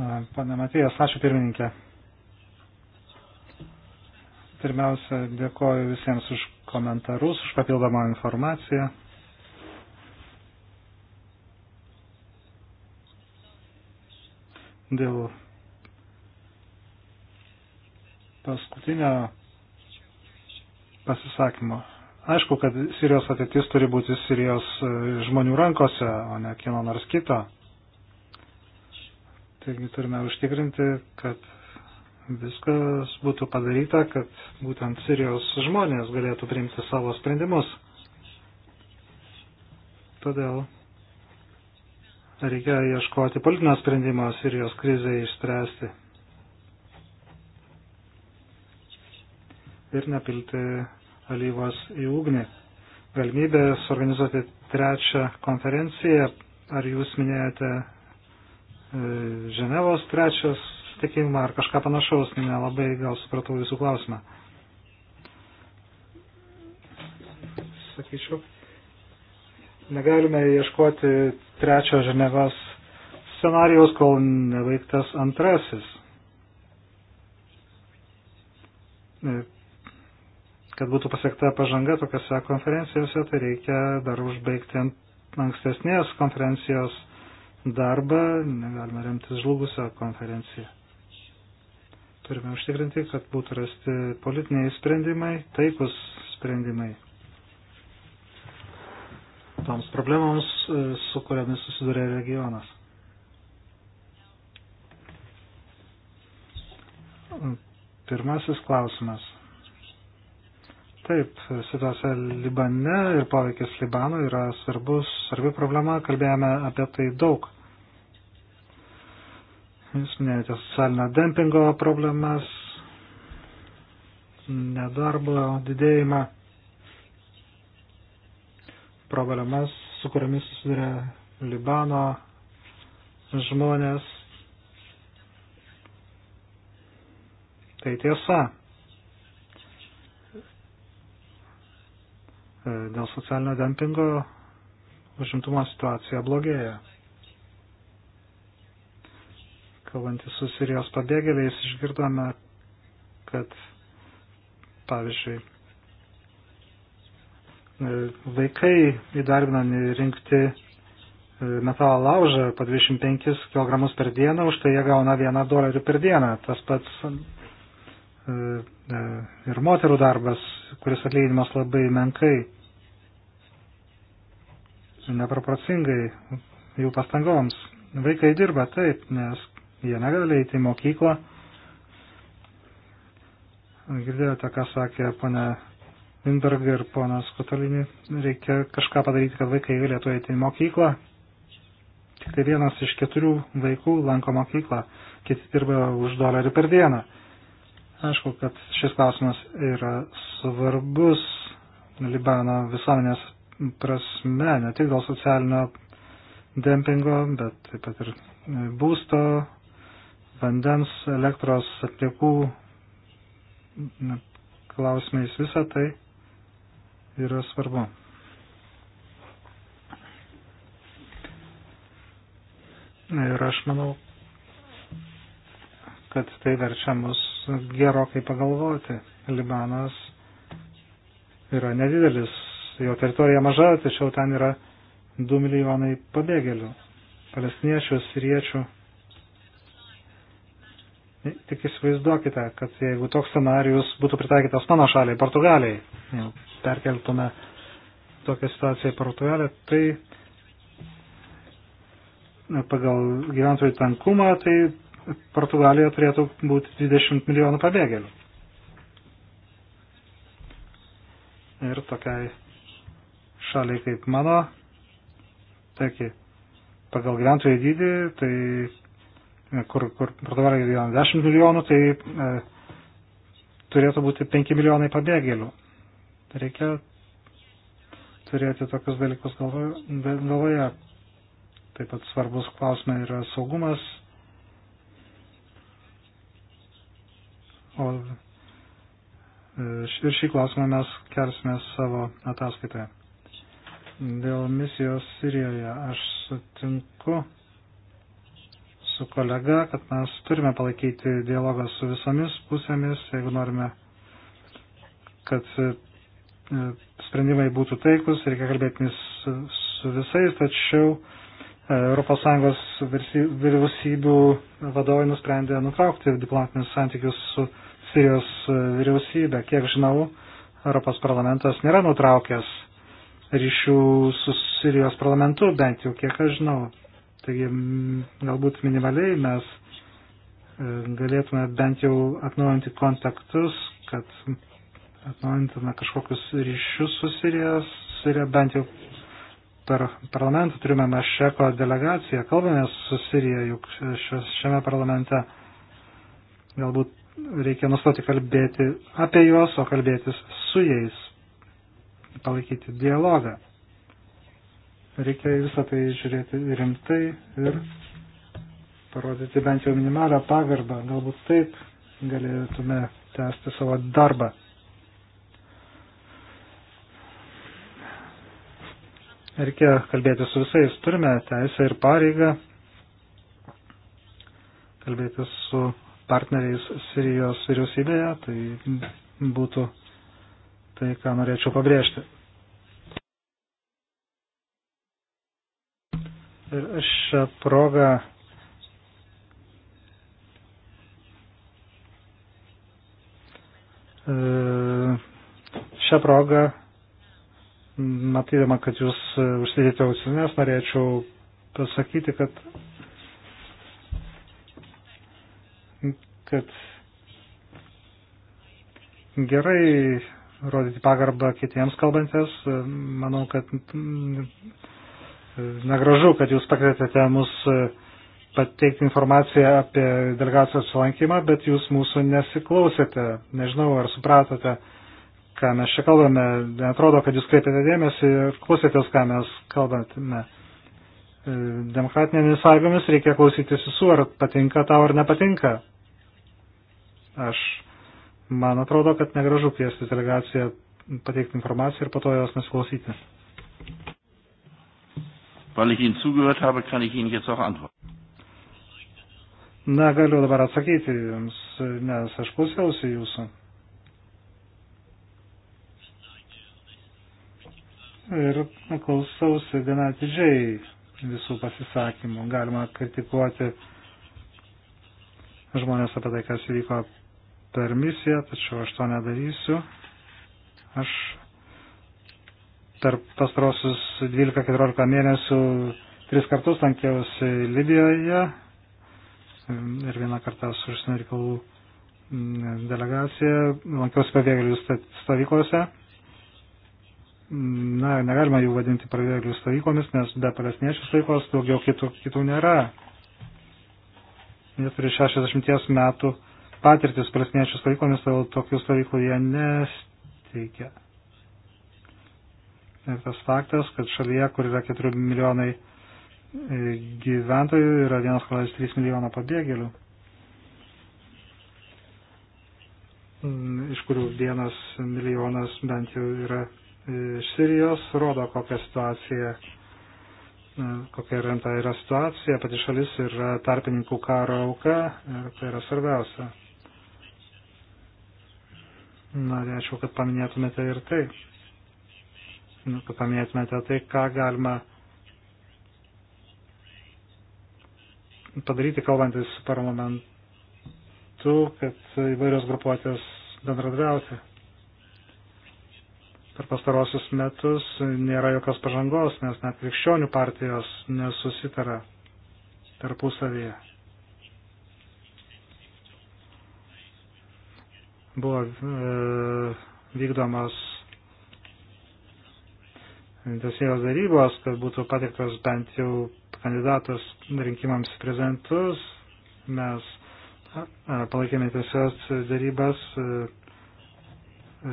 Ehm, Pane Matijas, ačiū pirmininkė. Pirmiausia, dėkoju visiems už komentarus, už papildomą informaciją. Dėl paskutinio pasisakymo. Aišku, kad Sirijos ateitis turi būti Sirijos e, žmonių rankose, o ne kieno nors kito. Taigi turime užtikrinti, kad viskas būtų padaryta, kad būtent Sirijos žmonės galėtų priimti savo sprendimus. Todėl reikia ieškoti politinio sprendimo Sirijos krizai išspręsti. Ir nepilti alyvos į ugnį. Galimybė suorganizuoti trečią konferenciją, ar jūs minėjote e, Ženevos trečios susitikimą ar kažką panašaus, nelabai gal supratau jūsų klausimą. Sakyčiau, negalime ieškoti trečio Ženevas scenarijos, kol nebaigtas antrasis. Kad būtų pasiekta pažanga tokiuose konferencijose, tai reikia dar užbaigti ankstesnės konferencijos darbą, negalime remtis žlugusią konferenciją. Turime užtikrinti, kad būtų rasti politiniai sprendimai, taikus sprendimai toms problemoms, e, su kuriamis susiduria regionas. Pirmasis klausimas. Taip, situacija Libane ir poveikis Libano yra svarbus, svarbi problema, kalbėjome apie tai daug. Jūs minėjote socialinio dempingo problemas, nedarbo didėjimą, problemas, su kuriamis susiduria Libano žmonės. Tai tiesa. Dėl socialinio dempingo užimtumo situacija blogėja kalbantys su Sirijos pabėgėliais, išgirdome, kad, pavyzdžiui, vaikai įdarbinami rinkti e, metalo laužą po 25 kg per dieną, už tai jie gauna vieną dolerį per dieną. Tas pats e, e, ir moterų darbas, kuris atlyginimas labai menkai, neproporcingai jų pastangoms. Vaikai dirba taip, nes jie negali eiti į mokyklą. Girdėjote, ką sakė ponė Lindberg ir ponas Kotolinį. Reikia kažką padaryti, kad vaikai galėtų eiti į mokyklą. Tik tai vienas iš keturių vaikų lanko mokyklą, kiti dirba už dolerį per dieną. Aišku, kad šis klausimas yra svarbus Libano visuomenės prasme, ne tik dėl socialinio dempingo, bet taip pat ir būsto vandens, elektros atliekų klausimais visą tai yra svarbu. Ir aš manau, kad tai verčia mus gerokai pagalvoti. Libanas yra nedidelis, jo teritorija maža, tačiau ten yra 2 milijonai pabėgėlių, palestiniečių, siriečių. Tik įsivaizduokite, kad jeigu toks scenarius būtų pritaikytas mano šaliai, Portugalijai, jau perkeltume tokią situaciją į Portugaliją, tai pagal gyventojų tankumą, tai Portugalija turėtų būti 20 milijonų pabėgėlių. Ir tokiai šaliai kaip mano, taigi, pagal gyventojų dydį, tai kur, kur Portugalija gyvena 10 milijonų, tai e, turėtų būti 5 milijonai pabėgėlių. Reikia turėti tokius dalykus galvoje. Taip pat svarbus klausimai yra saugumas. O e, ir šį klausimą mes kelsime savo ataskaitoje. Dėl misijos Sirijoje aš sutinku su kolega, kad mes turime palaikyti dialogą su visomis pusėmis, jeigu norime, kad e, sprendimai būtų taikus, reikia kalbėtis su visais, tačiau ES vyriausybių vadovai nusprendė nutraukti diplomatinius santykius su Sirijos e, vyriausybė. Kiek žinau, Europos parlamentas nėra nutraukęs ryšių su Sirijos parlamentu, bent jau kiek aš žinau. Taigi mm, galbūt minimaliai mes e, galėtume bent jau atnaujinti kontaktus, kad atnaujintume kažkokius ryšius su Sirija, Sirija bent jau per parlamentą turime Mašeko delegaciją, kalbame su Sirija juk šiame parlamente. Galbūt reikia nustoti kalbėti apie juos, o kalbėtis su jais, palaikyti dialogą. Reikia visą tai žiūrėti rimtai ir parodyti bent jau minimalę pagarbą. Galbūt taip galėtume tęsti savo darbą. Reikia kalbėti su visais. Turime teisę ir pareigą kalbėti su partneriais Sirijos vyriausybėje. Tai būtų tai, ką norėčiau pabrėžti. Ir šią progą e, šią progą, matydama, kad jūs užsidėte ausinės, norėčiau pasakyti, kad, kad gerai rodyti pagarbą kitiems kalbantis. Manau, kad negražu, kad jūs pakvietėte mus e, pateikti informaciją apie delegacijos sulankymą, bet jūs mūsų nesiklausėte. Nežinau, ar supratote, ką mes čia kalbame. Netrodo, kad jūs kreipėte dėmesį ir klausėtės, ką mes kalbame. E, demokratinėmis sąlygomis reikia klausytis visų, ar patinka tau ar nepatinka. Aš, man atrodo, kad negražu kviesti delegaciją pateikti informaciją ir po to jos nesiklausyti. Weil ich Ihnen zugehört habe, kann ich Ihnen jetzt auch antworten. Na, galiu dabar atsakyti Jums, nes aš klausiausi Jūsų. Ir klausiausi gana atidžiai visų pasisakymų. Galima kritikuoti žmonės apie tai, kas įvyko per misiją, tačiau aš to nedarysiu. Aš per pastarosius 12-14 mėnesių tris kartus lankiausi Libijoje mm, ir vieną kartą su užsienio reikalų mm, delegacija, lankiausi pabėgėlių stovyklose. Mm, na, negalima jų vadinti pabėgėlių stovyklomis, nes be palestiniečių stovyklos daugiau kitų, kitų nėra. Jie turi 60 metų patirtis palestiniečių stovyklomis, todėl tokių stovyklų jie nesteikia tas faktas, kad šalyje, kur yra 4 milijonai e, gyventojų, yra 1,3 milijono pabėgėlių, mm, iš kurių vienas milijonas bent jau yra e, iš Sirijos, rodo kokią situaciją e, kokia rimta yra situacija, pati šalis yra tarpininkų karo auka ir tai yra svarbiausia. Norėčiau, kad paminėtumėte ir tai. Nu, paminėtumėte, tai ką galima padaryti, kalbantis su parlamentu, kad įvairios grupuotės bendradarbiauti. Per pastarosius metus nėra jokios pažangos, nes net krikščionių partijos nesusitara tarpusavyje. Buvo e, vykdomas intensyvios darybos, kad būtų patiktas bent jau kandidatas rinkimams prezentus. Mes palaikėme intensyvios darybas e,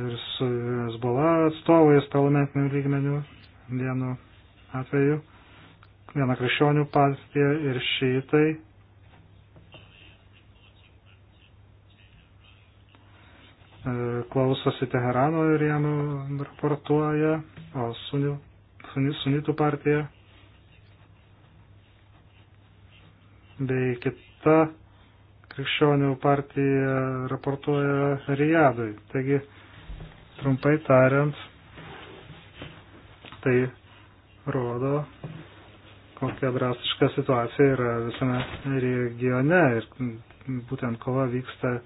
ir su Hezbollah atstovais parlamentinių lygmenių vienu atveju, viena krikščionių partija ir šitai. E, klausosi Teherano ir jam raportuoja o suni, suni, sunitų partija bei kita krikščionių partija raportuoja Rijadui. Taigi, trumpai tariant, tai rodo, kokia drastiška situacija yra visame regione ir būtent kova vyksta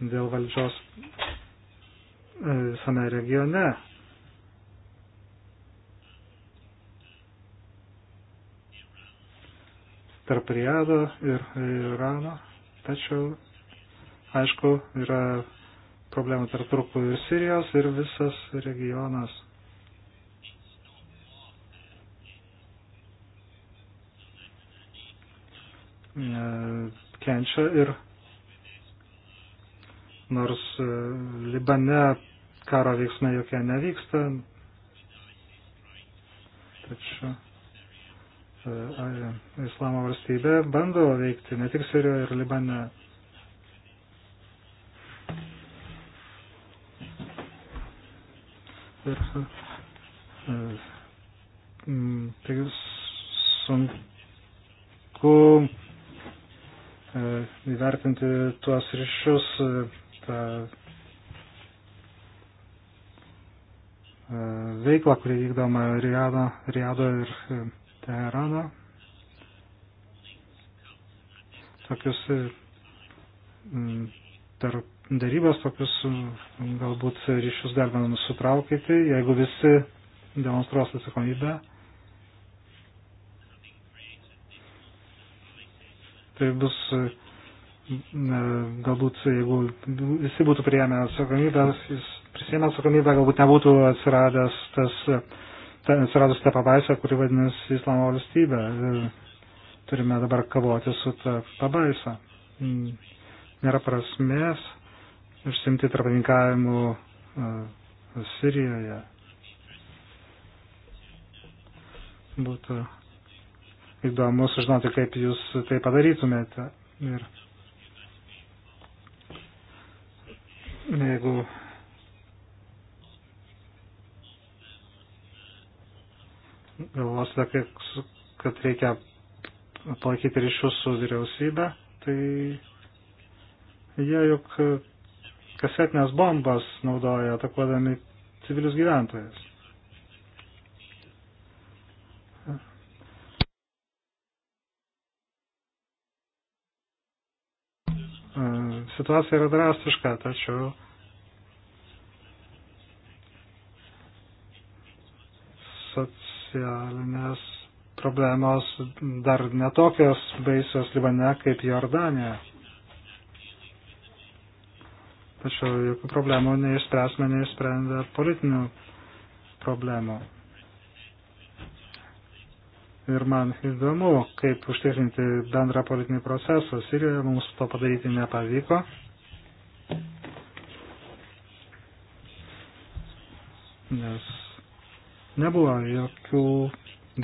dėl valdžios e, visame regione. tarp Riado ir Irano, tačiau, aišku, yra problemų tarp Turkų ir Sirijos ir visas regionas. kenčia ir nors e, Libane karo veiksmai jokie nevyksta, tačiau E, islamo valstybė bando veikti ne tik Sirijoje ir Libane. Ir tai sunku e, įvertinti tuos ryšius, tą veiklą, kuri vykdoma Riado, Riado ir Teheraną. Tokius per mm, darybas, tokius mm, galbūt ryšius galima nusitraukyti, jeigu visi demonstruos atsakomybę. Tai bus mm, e, galbūt, jeigu visi būtų prieėmę atsakomybę, jis prisėmė atsakomybę, galbūt nebūtų atsiradęs tas uh, atsiradus tą pabaisą, kuri vadinasi Islamo valstybė. Ir turime dabar kavoti su tą pabaisą. Mm. Nėra prasmės išsimti tarpininkavimu uh, Sirijoje. Būtų įdomu sužinoti, kaip jūs tai padarytumėte. Ir jeigu galvosite, kad reikia palaikyti ryšius su vyriausybė, tai jie juk kasetinės bombas naudoja atakuodami civilius gyventojus. Situacija yra drastiška, tačiau socialinės problemos dar netokios baisios Libane kaip Jordanija. Tačiau jokių problemų neišspręsime, neišsprendę politinių problemų. Ir man įdomu, kaip užtikrinti bendrą politinį procesą. Sirijoje mums to padaryti nepavyko. nebuvo jokių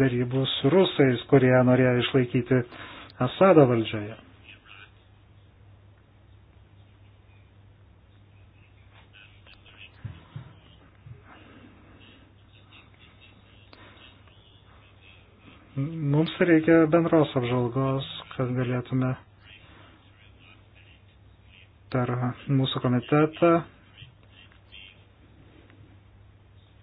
darybų su rusais, kurie norėjo išlaikyti Asado valdžioje. Mums reikia bendros apžalgos, kad galėtume per mūsų komitetą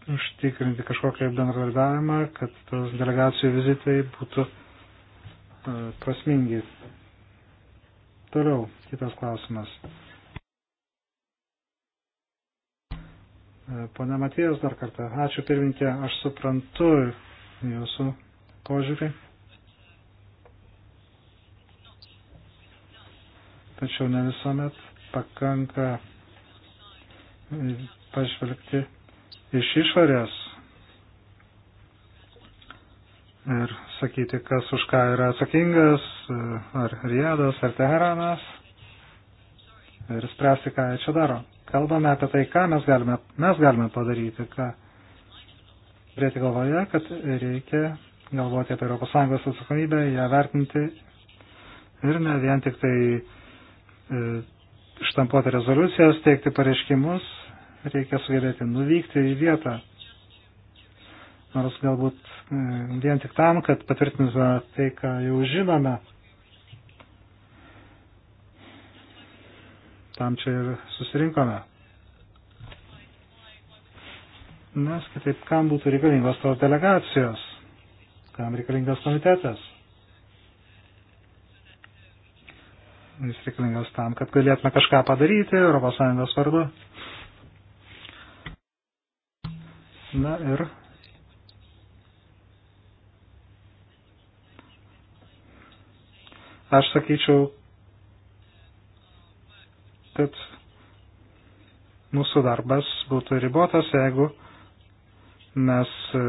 užtikrinti kažkokią bendradarbiavimą, kad tos delegacijų vizitai būtų e, prasmingi. Toliau, kitas klausimas. E, pone Matijas dar kartą. Ačiū pirminkė, aš suprantu jūsų požiūrį. Tačiau ne visuomet pakanka e, pažvelgti iš išorės ir sakyti, kas už ką yra atsakingas, ar Riedas, ar Teheranas, ir spręsti, ką jie čia daro. Kalbame apie tai, ką mes galime, mes galime padaryti, ką turėti galvoje, kad reikia galvoti apie ES atsakomybę, ją vertinti ir ne vien tik tai e, štampuoti rezoliucijas, teikti pareiškimus, reikia sugebėti nuvykti į vietą. Nors galbūt e, vien tik tam, kad patvirtintume tai, ką jau žinome. Tam čia ir susirinkome. Nes kitaip, kam būtų reikalingos tos delegacijos, kam reikalingas komitetas. Jis reikalingas tam, kad galėtume kažką padaryti Europos Sąjungos vardu. Na ir aš sakyčiau, kad mūsų darbas būtų ribotas, jeigu mes e,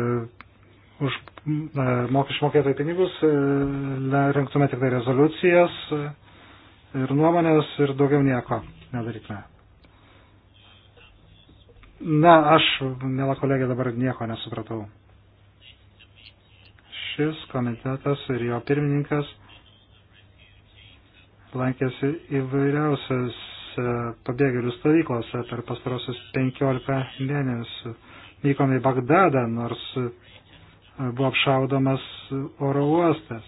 už e, mokesčių mokėtojų pinigus e, rinktume tik tai rezoliucijas ir nuomonės ir daugiau nieko nedarytume. Na, aš, mėla kolegė, dabar nieko nesupratau. Šis komitetas ir jo pirmininkas lankėsi įvairiausias e, pabėgėlių stovyklose per pastarosius 15 mėnesių. Vykome į Bagdadą, nors e, buvo apšaudomas oro uostas.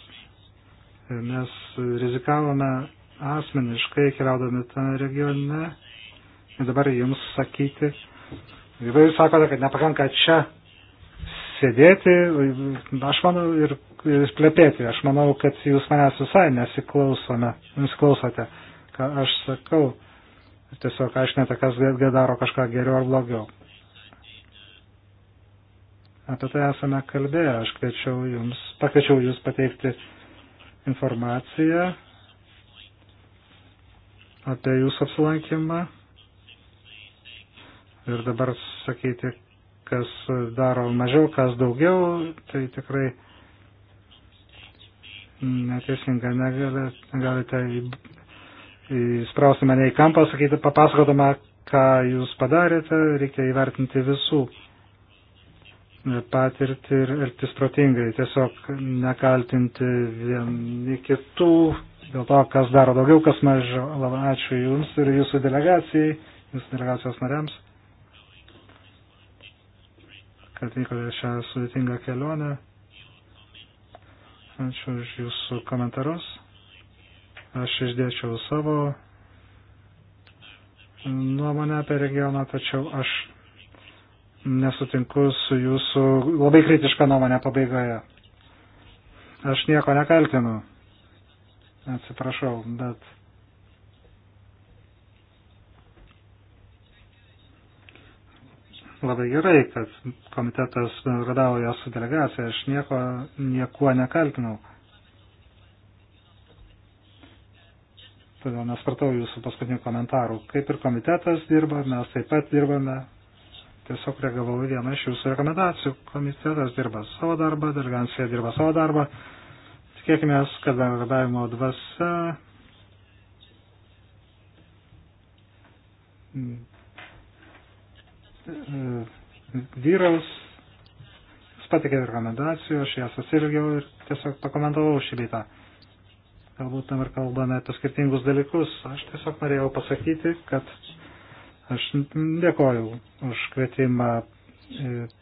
E, mes rizikavome asmeniškai keliaudami tą regione. Ir dabar jums sakyti, Įvairių sakote, kad nepakanka čia sėdėti, aš manau, ir, ir plepėti. Aš manau, kad jūs manęs visai nesiklausote, ką aš sakau. Tiesiog aiškinate, kas daro kažką geriau ar blogiau. Apie tai esame kalbėję. Aš kviečiau jums, pakviečiau jūs pateikti informaciją apie jūsų apsilankymą ir dabar sakyti, kas daro mažiau, kas daugiau, tai tikrai neteisinga, negalite įsprausti mane į kampą, sakyti, papasakodama, ką jūs padarėte, reikia įvertinti visų patirti ir elgtis protingai, tiesiog nekaltinti vieni kitų dėl to, kas daro daugiau, kas mažiau. Ačiū Jums ir Jūsų delegacijai, Jūsų delegacijos nariams kad vykote šią sudėtingą kelionę. Ačiū už Jūsų komentarus. Aš išdėčiau savo nuomonę apie regioną, tačiau aš nesutinku su Jūsų labai kritiška nuomonė pabaigoje. Aš nieko nekaltinu. Atsiprašau, bet labai gerai, kad komitetas radauja su delegacija. Aš nieko, niekuo nekaltinau. Todėl nespartau jūsų paskutinių komentarų. Kaip ir komitetas dirba, mes taip pat dirbame. Tiesiog reagavau vieną iš jūsų rekomendacijų. Komitetas dirba savo darbą, delegacija dirba savo darbą. Tikėkime, kad bendradarbiavimo dvasia vyraus, jis patikė rekomendacijų, aš jas atsižvelgiau ir tiesiog pakomentavau šį beitą. Galbūt dabar kalbame apie skirtingus dalykus. Aš tiesiog norėjau pasakyti, kad aš dėkoju už kvietimą e,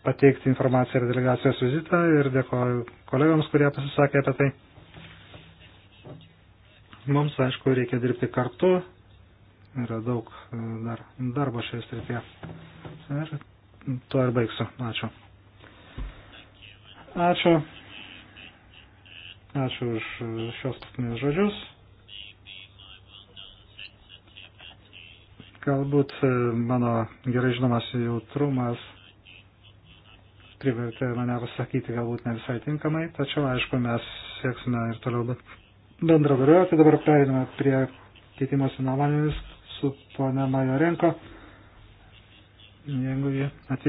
pateikti informaciją ir delegacijos vizitą ir dėkoju kolegams, kurie pasisakė apie tai. Mums, aišku, reikia dirbti kartu. Yra daug e, dar darbo šioje srityje. Ir tuo ir baigsiu. Ačiū. Ačiū. Ačiū už šios paskutinius žodžius. Galbūt e, mano gerai žinomas jautrumas privertė mane pasakyti galbūt ne visai tinkamai, tačiau aišku, mes sieksime ir toliau bendradarbiauti. Dabar pereiname prie keitimosi nuomonėmis su pone Majorenko jeigu jie atvyks.